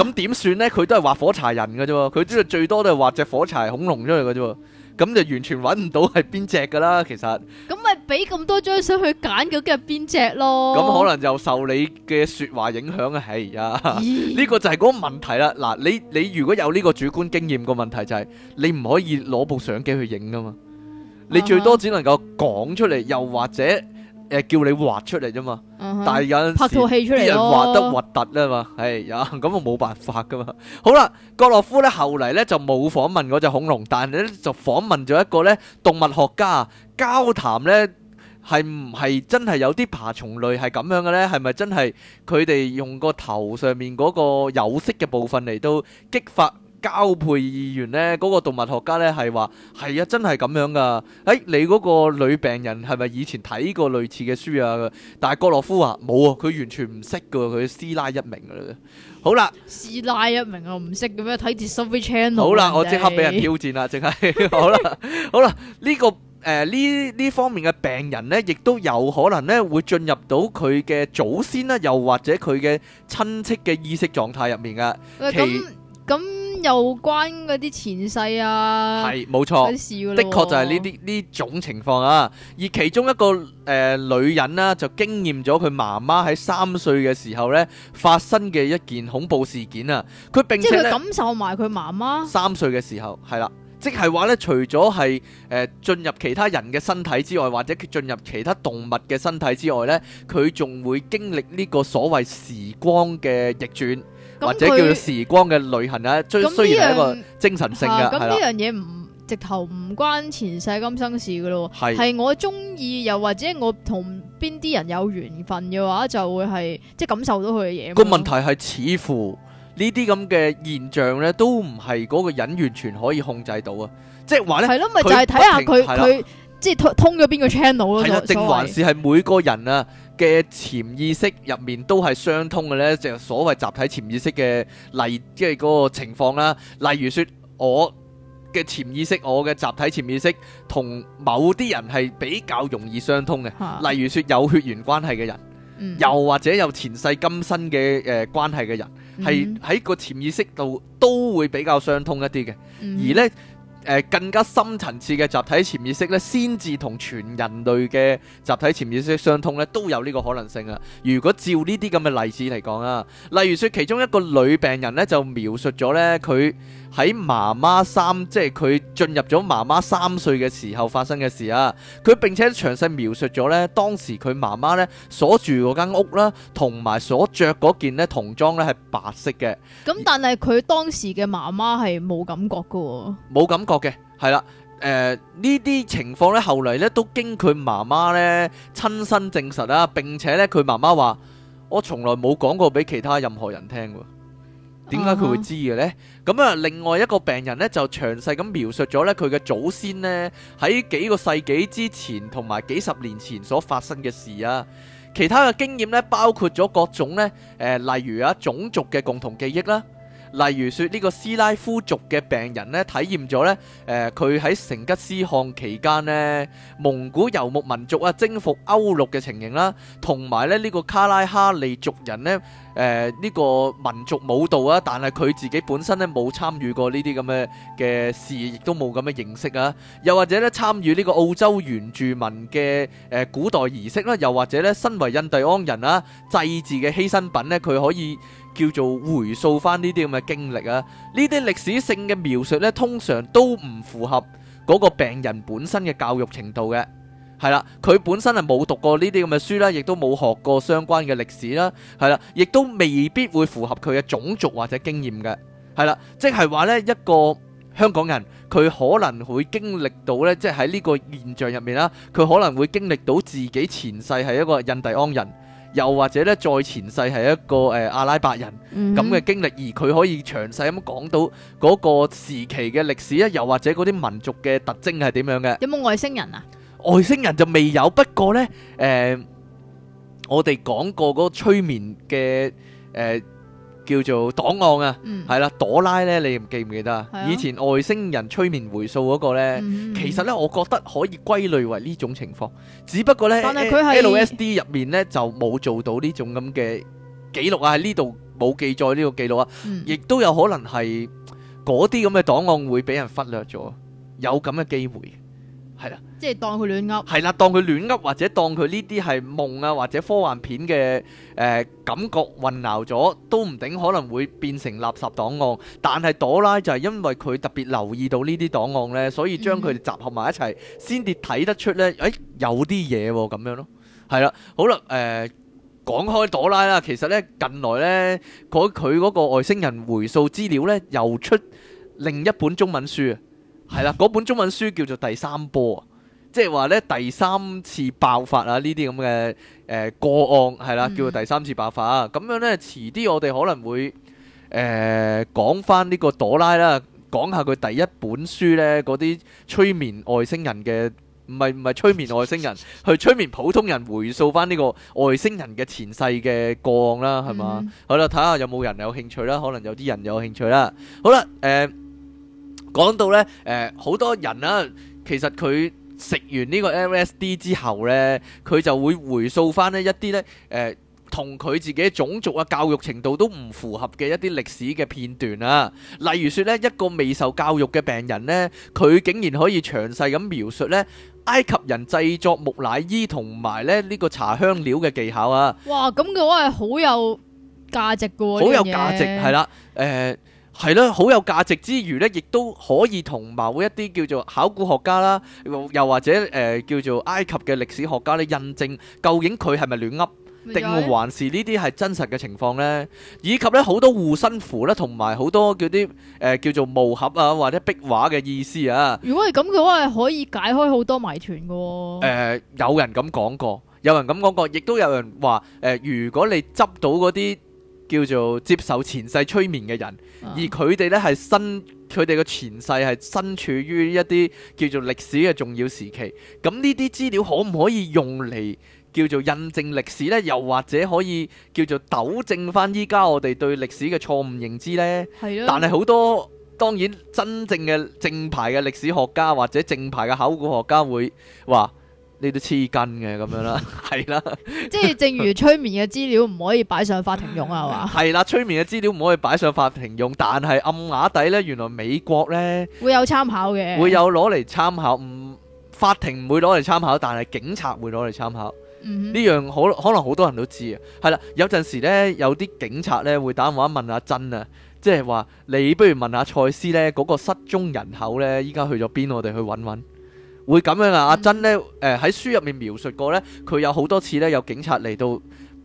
咁點算咧？佢都係畫火柴人嘅啫，佢最多最多都係畫隻火柴恐龍出嚟嘅啫，咁就完全揾唔到係邊隻噶啦，其實。俾咁多張相去揀，究竟係邊隻咯？咁可能就受你嘅說話影響啊！係啊，呢個就係嗰個問題啦。嗱，你你如果有呢個主觀經驗個問題，就係你唔可以攞部相機去影噶嘛。你最多只能夠講出嚟，又或者誒叫你畫出嚟啫嘛。但係有人拍套戲出嚟，啲人畫得核突啊嘛。係啊，咁啊冇辦法噶嘛。好啦，格洛夫咧後嚟咧就冇訪問嗰隻恐龍，但係咧就訪問咗一個咧動物學家交談咧。係唔係真係有啲爬蟲類係咁樣嘅呢？係咪真係佢哋用個頭上面嗰個有色嘅部分嚟到激發交配意願呢？嗰、那個動物學家呢係話係啊，真係咁樣噶。誒、哎，你嗰個女病人係咪以前睇過類似嘅書啊？但係格洛夫話冇啊，佢完全唔識嘅，佢師奶一名嘅啦。好啦，師奶一名啊，唔識嘅咩？睇住好啦，家我即刻俾人挑戰啦，淨係 *laughs* 好啦，好啦，呢、 *laughs* 這個。誒，呢呢、呃、方面嘅病人呢，亦都有可能呢，會進入到佢嘅祖先啦，又或者佢嘅親戚嘅意識狀態入面噶。咁咁有關嗰啲前世啊？係冇錯，的確就係呢啲呢種情況啊。而其中一個誒、呃、女人呢，就經驗咗佢媽媽喺三歲嘅時候呢，發生嘅一件恐怖事件啊。佢並且感受埋佢媽媽三歲嘅時候係啦。即係話咧，除咗係誒進入其他人嘅身體之外，或者進入其他動物嘅身體之外咧，佢仲會經歷呢個所謂時光嘅逆轉，或者叫做時光嘅旅行咧。雖然係一個精神性嘅，係啦。咁呢樣嘢唔直頭唔關前世今生事噶咯，係我中意又或者我同邊啲人有緣分嘅話，就會係即係感受到佢嘅嘢。個問題係似乎。呢啲咁嘅現象呢，都唔係嗰個人完全可以控制到啊！即係話呢，係咯的，咪就係睇下佢佢即係通咗邊個 channel 咯的。啊以，定還是係每個人啊嘅潛意識入面都係相通嘅呢？就所謂集體潛意識嘅例，即係嗰個情況啦。例如說，我嘅潛意識，我嘅集體潛意識，同某啲人係比較容易相通嘅。哈例如說，有血緣關係嘅人，嗯嗯又或者有前世今生嘅誒關係嘅人。係喺個潛意識度都會比較相通一啲嘅，而咧誒、呃、更加深層次嘅集體潛意識咧，先至同全人類嘅集體潛意識相通咧，都有呢個可能性啊！如果照呢啲咁嘅例子嚟講啊，例如說其中一個女病人咧就描述咗咧佢。喺媽媽三，即係佢進入咗媽媽三歲嘅時候發生嘅事啊！佢並且詳細描述咗呢，當時佢媽媽呢所住嗰間屋啦，同埋所着嗰件呢童裝呢係白色嘅。咁但係佢當時嘅媽媽係冇感覺嘅，冇感覺嘅，係啦。誒呢啲情況呢，後嚟呢都經佢媽媽呢親身證實啦。並且呢，佢媽媽話：我從來冇講過俾其他任何人聽喎。點解佢會知嘅呢？咁啊，另外一個病人呢，就詳細咁描述咗咧佢嘅祖先呢，喺幾個世紀之前同埋幾十年前所發生嘅事啊。其他嘅經驗呢，包括咗各種呢，誒，例如啊種族嘅共同記憶啦。例如說呢個斯拉夫族嘅病人呢，體驗咗呢，誒佢喺成吉思汗期間呢，蒙古遊牧民族啊征服歐陸嘅情形啦，同埋咧呢個卡拉哈里族人呢，誒、呃、呢個民族舞蹈啊，但係佢自己本身呢，冇參與過呢啲咁嘅嘅事，亦都冇咁嘅認識啊，又或者呢參與呢個澳洲原住民嘅誒古代儀式啦，又或者呢身為印第安人啊，祭祀嘅犧牲品呢，佢可以。叫做回溯返呢啲咁嘅經歷啊，呢啲歷史性嘅描述呢，通常都唔符合嗰個病人本身嘅教育程度嘅，係啦，佢本身係冇讀過呢啲咁嘅書啦，亦都冇學過相關嘅歷史啦，係啦，亦都未必會符合佢嘅種族或者經驗嘅，係啦，即係話呢一個香港人，佢可能會經歷到呢，即係喺呢個現象入面啦，佢可能會經歷到自己前世係一個印第安人。又或者咧，在前世係一個誒阿拉伯人咁嘅經歷，而佢可以詳細咁講到嗰個時期嘅歷史咧，又或者嗰啲民族嘅特徵係點樣嘅？有冇外星人啊？外星人就未有，不過呢，誒，我哋講過嗰個催眠嘅誒。叫做檔案啊，係啦，朵拉咧，你記唔記得啊？以前外星人催眠回數嗰個咧，其實咧，我覺得可以歸類為呢種情況，只不過咧，喺 LSD 入面咧就冇做到呢種咁嘅記錄啊，喺呢度冇記載呢個記錄啊，亦都有可能係嗰啲咁嘅檔案會俾人忽略咗，有咁嘅機會。係啦，即係當佢亂噏，係啦，當佢亂噏或者當佢呢啲係夢啊，或者科幻片嘅，誒感覺混淆咗，都唔定，可能會變成垃圾檔案。但係朵拉就係因為佢特別留意到呢啲檔案咧，所以將佢哋集合埋一齊，先至睇得出咧，誒有啲嘢咁樣咯。係啦，好啦，誒講開朵拉啦，其實咧近來咧，嗰佢嗰個外星人回數資料咧又出另一本中文書。係啦，嗰本中文書叫做《第三波》，即係話呢第三次爆發啊，呢啲咁嘅誒個案係啦，叫做第三次爆發啊。咁、嗯、樣呢，遲啲我哋可能會誒、呃、講翻呢個朵拉啦，講下佢第一本書呢嗰啲催眠外星人嘅，唔係唔係催眠外星人， *laughs* 去催眠普通人回溯翻呢個外星人嘅前世嘅個案啦，係嘛？嗯、好啦，睇下有冇人有興趣啦，可能有啲人有興趣啦。好啦，誒、呃。講到咧，誒好多人啊，其實佢食完呢個 LSD 之後咧，佢就會回溯翻咧一啲咧，誒同佢自己種族啊、教育程度都唔符合嘅一啲歷史嘅片段啊。例如說咧，一個未受教育嘅病人咧，佢竟然可以詳細咁描述咧埃及人製作木乃伊同埋咧呢個茶香料嘅技巧啊！哇，咁嘅話係好有價值嘅喎，好有價值係啦，誒。係啦，好有價值之餘呢，亦都可以同某一啲叫做考古學家啦，又或者誒、呃、叫做埃及嘅歷史學家咧，印證究竟佢係咪亂噏，定還是呢啲係真實嘅情況呢？以及呢好多護身符啦，同埋好多叫啲誒、呃、叫做木盒啊，或者壁畫嘅意思啊。如果係咁嘅話，可以解開好多謎團嘅喎、哦呃。有人咁講過，有人咁講過，亦都有人話誒、呃，如果你執到嗰啲。叫做接受前世催眠嘅人，啊、而佢哋咧係身佢哋嘅前世係身處於一啲叫做歷史嘅重要時期。咁呢啲資料可唔可以用嚟叫做印證歷史呢？又或者可以叫做糾正翻依家我哋對歷史嘅錯誤認知呢？是啊、但係好多當然真正嘅正牌嘅歷史學家或者正牌嘅考古學家會話。呢啲黐筋嘅咁樣啦，係啦，即係正如催眠嘅資料唔可以擺上法庭用啊，係嘛 *laughs* 是吧？係 *laughs* 啦，催眠嘅資料唔可以擺上法庭用，但係暗啞底呢，原來美國呢會有參考嘅，會有攞嚟參考。嗯，法庭唔會攞嚟參考，但係警察會攞嚟參考。呢、嗯、哼樣好可能好多人都知啊。係啦，有陣時呢，有啲警察呢會打電話問阿珍啊，即係話你不如問，問下賽斯呢嗰、那個失蹤人口呢，依家去咗邊，我哋去揾揾。」會咁樣啊！阿珍呢？誒、呃、喺書入面描述過呢，佢有好多次呢，有警察嚟到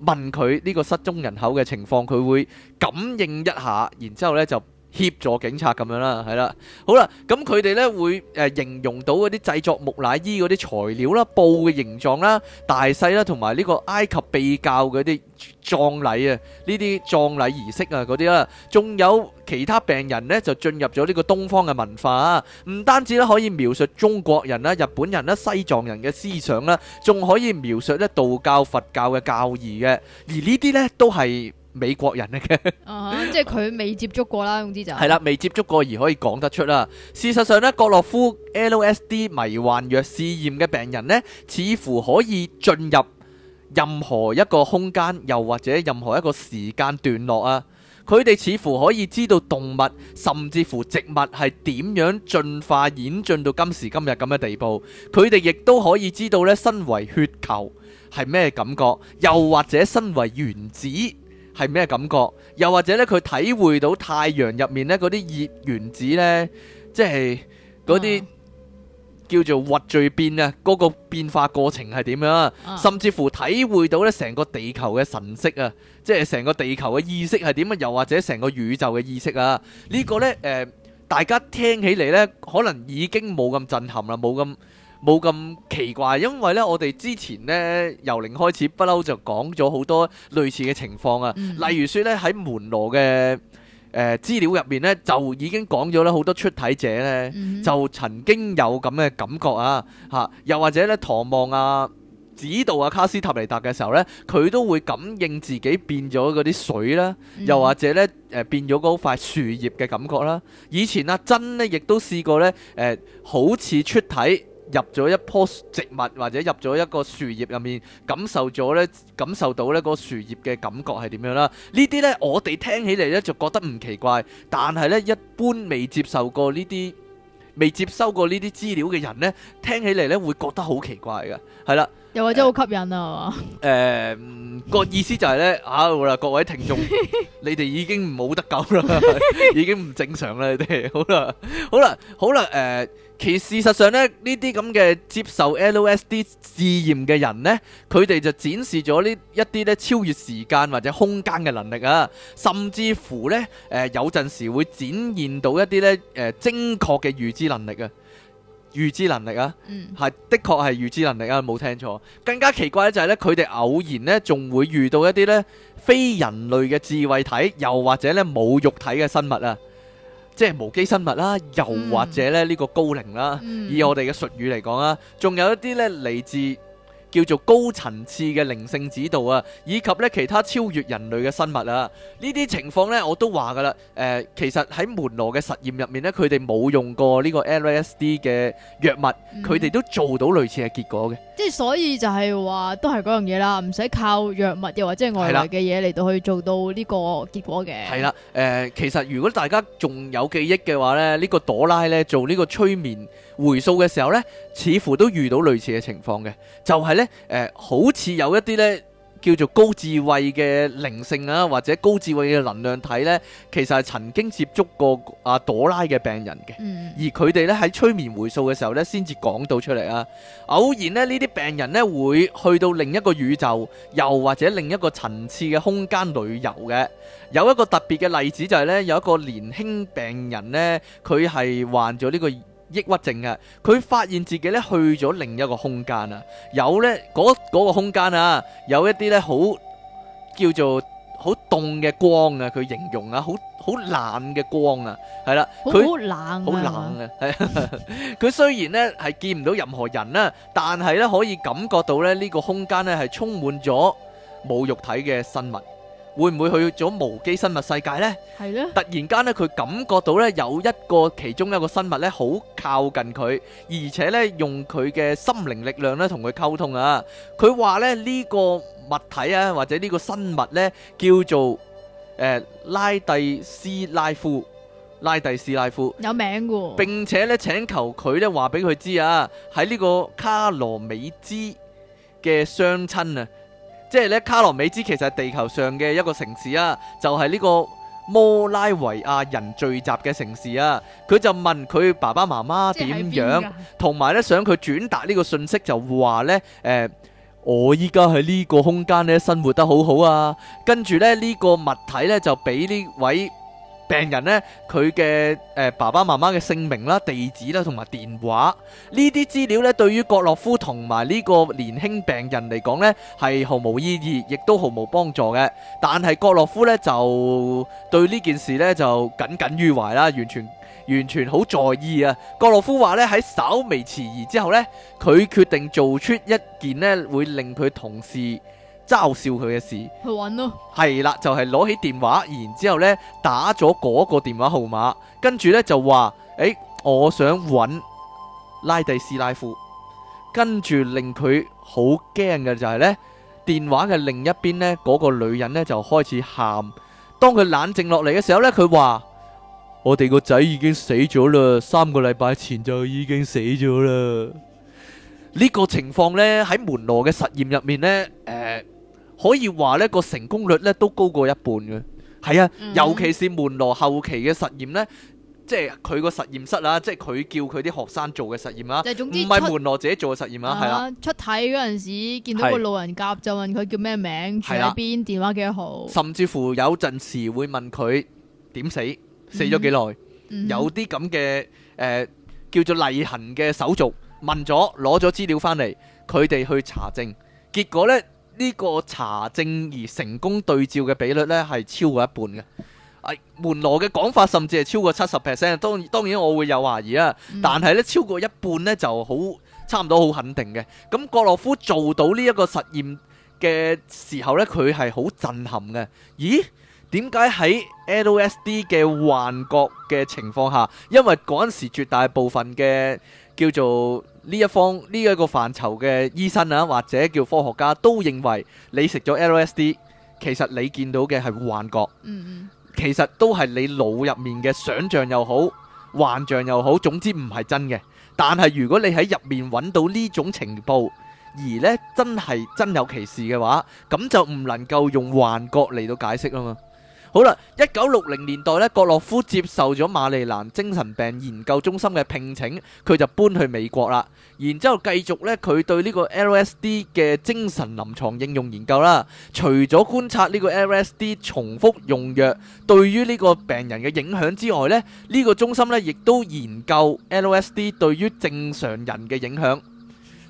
問佢呢個失蹤人口嘅情況，佢會感應一下，然之後呢，就。協助警察咁樣啦，係啦，好啦，咁佢哋呢會誒形容到嗰啲製作木乃伊嗰啲材料啦、布嘅形狀啦、大細啦，同埋呢個埃及秘教嗰啲葬禮啊，呢啲葬禮儀式啊嗰啲啦，仲有其他病人呢，就進入咗呢個東方嘅文化啊，唔單止咧可以描述中國人啦、日本人啦、西藏人嘅思想啦，仲可以描述咧道教、佛教嘅教義嘅，而呢啲呢都係。美國人嘅，即係佢未接觸過啦，總之就係啦，未接觸過而可以講得出啦。事實上咧，格洛夫 LSD 迷幻藥試驗嘅病人咧，似乎可以進入任何一個空間，又或者任何一個時間段落啊。佢哋似乎可以知道動物甚至乎植物係點樣進化演進到今時今日咁嘅地步。佢哋亦都可以知道咧，身為血球係咩感覺，又或者身為原子係咩感覺？又或者咧，佢體會到太陽入面咧嗰啲熱原子咧，即係嗰啲叫做核聚變啊，嗰個變化過程係點樣啊？甚至乎體會到咧成個地球嘅神色啊，即係成個地球嘅意識係點啊？又或者成個宇宙嘅意識啊？呢個呢，誒、呃，大家聽起嚟呢，可能已經冇咁震撼啦，冇咁。冇咁奇怪，因為呢，我哋之前呢，由零開始，不嬲就講咗好多類似嘅情況啊。嗯、例如說呢，喺門羅嘅誒、呃、資料入面呢，就已經講咗咧好多出體者呢，嗯、就曾經有咁嘅感覺啊。嚇、啊，又或者呢，唐望啊、指導啊、卡斯塔尼達嘅時候呢，佢都會感應自己變咗嗰啲水啦、啊，又或者呢，誒、呃、變咗嗰塊樹葉嘅感覺啦、啊。以前阿、啊、真呢亦都試過呢，誒、呃，好似出體。入咗一棵植物或者入咗一個樹葉入面，感受咗呢感受到呢嗰樹葉嘅感覺係點樣啦？呢啲呢，我哋聽起嚟呢，就覺得唔奇怪，但係呢，一般未接受過呢啲未接收過呢啲資料嘅人呢，聽起嚟呢，會覺得好奇怪嘅，係啦，又或者好吸引啊、呃，係、呃、嘛？誒， *laughs* 個意思就係、是、呢：啊啦，各位聽眾， *laughs* *laughs* 你哋已經冇得救啦，已經唔正常啦，你哋，好啦，好啦，好啦，誒。啊。其事實上咧，呢啲咁嘅接受 LSD 試驗嘅人呢，佢哋就展示咗呢一啲咧超越時間或者空間嘅能力啊，甚至乎呢，誒、呃、有陣時會展現到一啲咧誒精確嘅預知能力啊，預知能力啊，嗯，係的確係預知能力啊，冇聽錯。更加奇怪嘅就係咧，佢哋偶然呢，仲會遇到一啲咧非人類嘅智慧體，又或者咧冇肉體嘅生物啊。即係無機生物啦，又或者咧呢個高齡啦，嗯、以我哋嘅術語嚟講啦，仲有一啲咧嚟自。叫做高層次嘅靈性指導啊，以及咧其他超越人類嘅生物啊，呢啲情況呢我都話噶啦。誒，其實喺門羅嘅實驗入面呢，佢哋冇用過呢個 LSD 嘅藥物，佢哋都做到類似嘅結果嘅。即係所以就係話都係嗰樣嘢啦，唔使靠藥物又或者係外來嘅嘢嚟到去做到呢個結果嘅。係啦，誒，其實如果大家仲有記憶嘅話呢，呢個朵拉呢做呢個催眠。回溯嘅時候呢，似乎都遇到類似嘅情況嘅，就係、是、呢，誒、呃，好似有一啲呢叫做高智慧嘅靈性啊，或者高智慧嘅能量體呢，其實係曾經接觸過阿朵、啊、拉嘅病人嘅，嗯、而佢哋呢，喺催眠回溯嘅時候呢，先至講到出嚟啊。偶然呢，呢啲病人呢，會去到另一個宇宙，又或者另一個層次嘅空間旅遊嘅。有一個特別嘅例子就係呢，有一個年輕病人呢，佢係患咗呢、這個。抑鬱症啊，佢發現自己咧去咗另一個空間啊，有咧嗰嗰個空間啊，有一啲咧好叫做好凍嘅光啊，佢形容啊，好好冷嘅光啊，係啦，佢好冷，好冷啊，佢、啊、 *laughs* 雖然咧係見唔到任何人啦、啊，但係咧可以感覺到咧呢、這個空間咧係充滿咗冇肉體嘅生物。會唔會去咗無機生物世界咧？係咧，突然間咧，佢感覺到咧有一個其中一個生物咧，好靠近佢，而且咧用佢嘅心靈力量咧同佢溝通啊！佢話咧呢個物體啊，或者呢個生物咧叫做誒拉蒂斯拉夫，拉蒂斯拉夫有名嘅，並且咧請求佢咧話俾佢知啊，喺呢個卡羅美茲嘅相親啊。即係咧，卡洛美茲其實係地球上嘅一個城市啊，就係、是、呢個摩拉維亞人聚集嘅城市啊。佢就問佢爸爸媽媽點樣，同埋咧想佢轉達呢個信息就呢，就話咧誒，我依家喺呢個空間咧生活得好好啊。跟住咧呢、這個物體咧就俾呢位病人呢，佢嘅誒爸爸媽媽嘅姓名啦、地址啦同埋電話呢啲資料呢，對於郭洛夫同埋呢個年輕病人嚟講呢，係毫無意義，亦都毫無幫助嘅。但係郭洛夫呢，就對呢件事呢，就耿耿於懷啦，完全完全好在意啊！郭洛夫話呢，喺稍微遲疑之後呢，佢決定做出一件呢會令佢同事嘲笑佢嘅事，去揾咯。係啦，就係攞起電話，然之後咧打咗嗰個電話號碼，跟住咧就話：，誒，我想揾拉蒂斯拉夫。跟住令佢好驚嘅就係咧，電話嘅另一邊咧，嗰個女人咧就開始喊。當佢冷靜落嚟嘅時候咧，佢話：，我哋個仔已經死咗啦，三個禮拜前就已經死咗啦。呢個情況咧喺門羅嘅實驗入面咧，誒。可以話呢個成功率咧都高過一半嘅，係啊，尤其是門羅後期嘅實驗呢，即係佢個實驗室啊，即係佢叫佢啲學生做嘅實驗啊，唔係門羅自己做嘅實驗啊，係啦，啊，出體嗰陣時見到個路人甲，啊，就問佢叫咩名住喺邊，啊，電話幾多號，甚至乎有陣時會問佢點死，死咗幾耐，嗯嗯，有啲咁嘅誒叫做例行嘅手續，問咗攞咗資料翻嚟，佢哋去查證，結果呢。呢個查證而成功對照嘅比率呢，係超過一半嘅。誒、哎、門羅嘅講法甚至係超過七十 percent。當然當然我會有懷疑啊，但係呢，超過一半呢就好差唔多好肯定嘅。咁格洛夫做到呢一個實驗嘅時候呢，佢係好震撼嘅。咦？點解喺 LSD 嘅幻覺嘅情況下，因為嗰陣時絕大部分嘅叫做呢一方呢一個範疇嘅醫生啊，或者叫科學家都認為你食咗 LSD，其實你見到嘅係幻覺，嗯嗯，其實都係你腦入面嘅想象又好，幻象又好，總之唔係真嘅。但係如果你喺入面揾到呢種情報，而咧真係真有其事嘅話，咁就唔能夠用幻覺嚟到解釋啊嘛。好啦，一九六零年代呢，葛洛夫接受咗馬利蘭精神病研究中心嘅聘請，佢就搬去美國啦。然之後繼續呢，佢對呢個 LSD 嘅精神臨床應用研究啦。除咗觀察呢個 LSD 重複用藥對於呢個病人嘅影響之外呢，呢、呢個中心呢亦都研究 LSD 對於正常人嘅影響，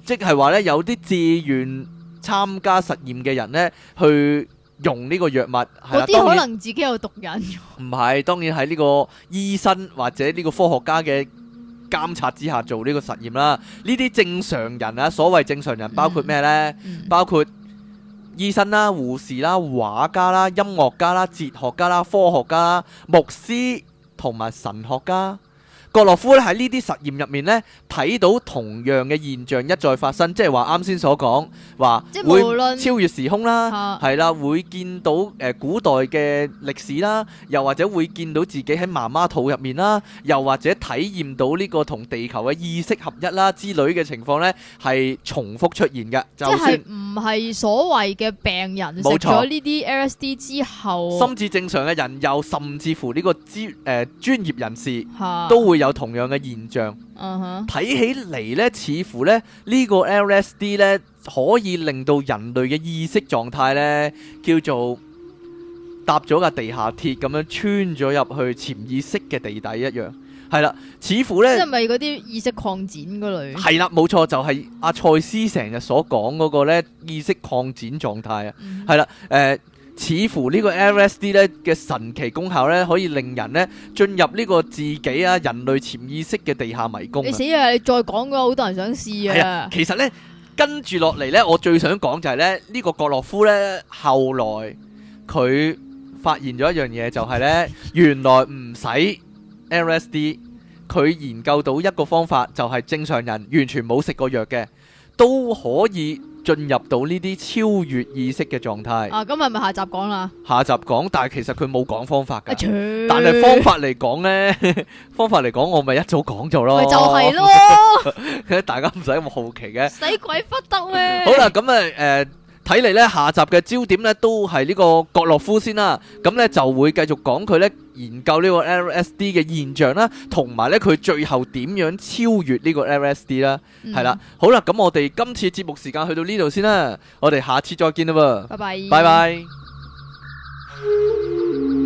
即係話呢，有啲自願參加實驗嘅人呢去。用呢個藥物，嗰啲可能自己有毒癮。唔係，當然喺呢個醫生或者呢個科學家嘅監察之下做呢個實驗啦。呢啲正常人啊，所謂正常人包括咩呢？包括醫生啦、護士啦、畫家啦、音樂家啦、哲學家啦、科學家啦、牧師同埋神學家。格洛夫咧喺呢啲實驗入面咧，睇到同樣嘅現象一再發生，即係話啱先所講話會超越時空啦，係啦，會見到誒古代嘅歷史啦，又或者會見到自己喺媽媽肚入面啦，又或者體驗到呢個同地球嘅意識合一啦之類嘅情況咧，係重複出現嘅。就係唔係所謂嘅病人食咗呢啲 LSD 之後心智正常嘅人又甚至乎呢、這個專、誒、呃、專業人士都會有。有同樣嘅現象，睇、uh huh. 起嚟呢，似乎呢呢個 LSD 呢，可以令到人類嘅意識狀態呢，叫做搭咗個地下鐵咁樣穿咗入去潛意識嘅地底一樣，係啦，似乎呢，即係咪嗰啲意識擴展嗰類？係啦，冇錯，就係、是、阿蔡司成日所講嗰個呢意識擴展狀態啊，係啦、mm，誒、hmm。呃似乎呢個 LSD 咧嘅神奇功效咧，可以令人咧進入呢個自己啊人類潛意識嘅地下迷宮。你死啊！你再講嘅話，好多人想試啊！係啊，其實咧跟住落嚟咧，我最想講就係咧呢個格洛夫咧，後來佢發現咗一樣嘢，就係咧原來唔使 LSD，佢研究到一個方法，就係正常人完全冇食過藥嘅都可以。進入到呢啲超越意識嘅狀態。啊，咁係咪下集講啦。下集講，但係其實佢冇講方法㗎。哎、呦但係方法嚟講咧，方法嚟講，我咪一早講咗咯。咪就係咯， *laughs* 大家唔使咁好奇嘅。使鬼不得咩？ *laughs* 好啦，咁、嗯、啊，誒、呃。睇嚟咧，下集嘅焦點咧都係呢個葛洛夫先啦。咁咧就會繼續講佢咧研究呢個 LSD 嘅現象啦，同埋咧佢最後點樣超越呢個 LSD 啦。係、嗯、啦，好啦，咁我哋今次節目時間去到呢度先啦，我哋下次再見啦。拜拜，拜拜 bye。 *noise*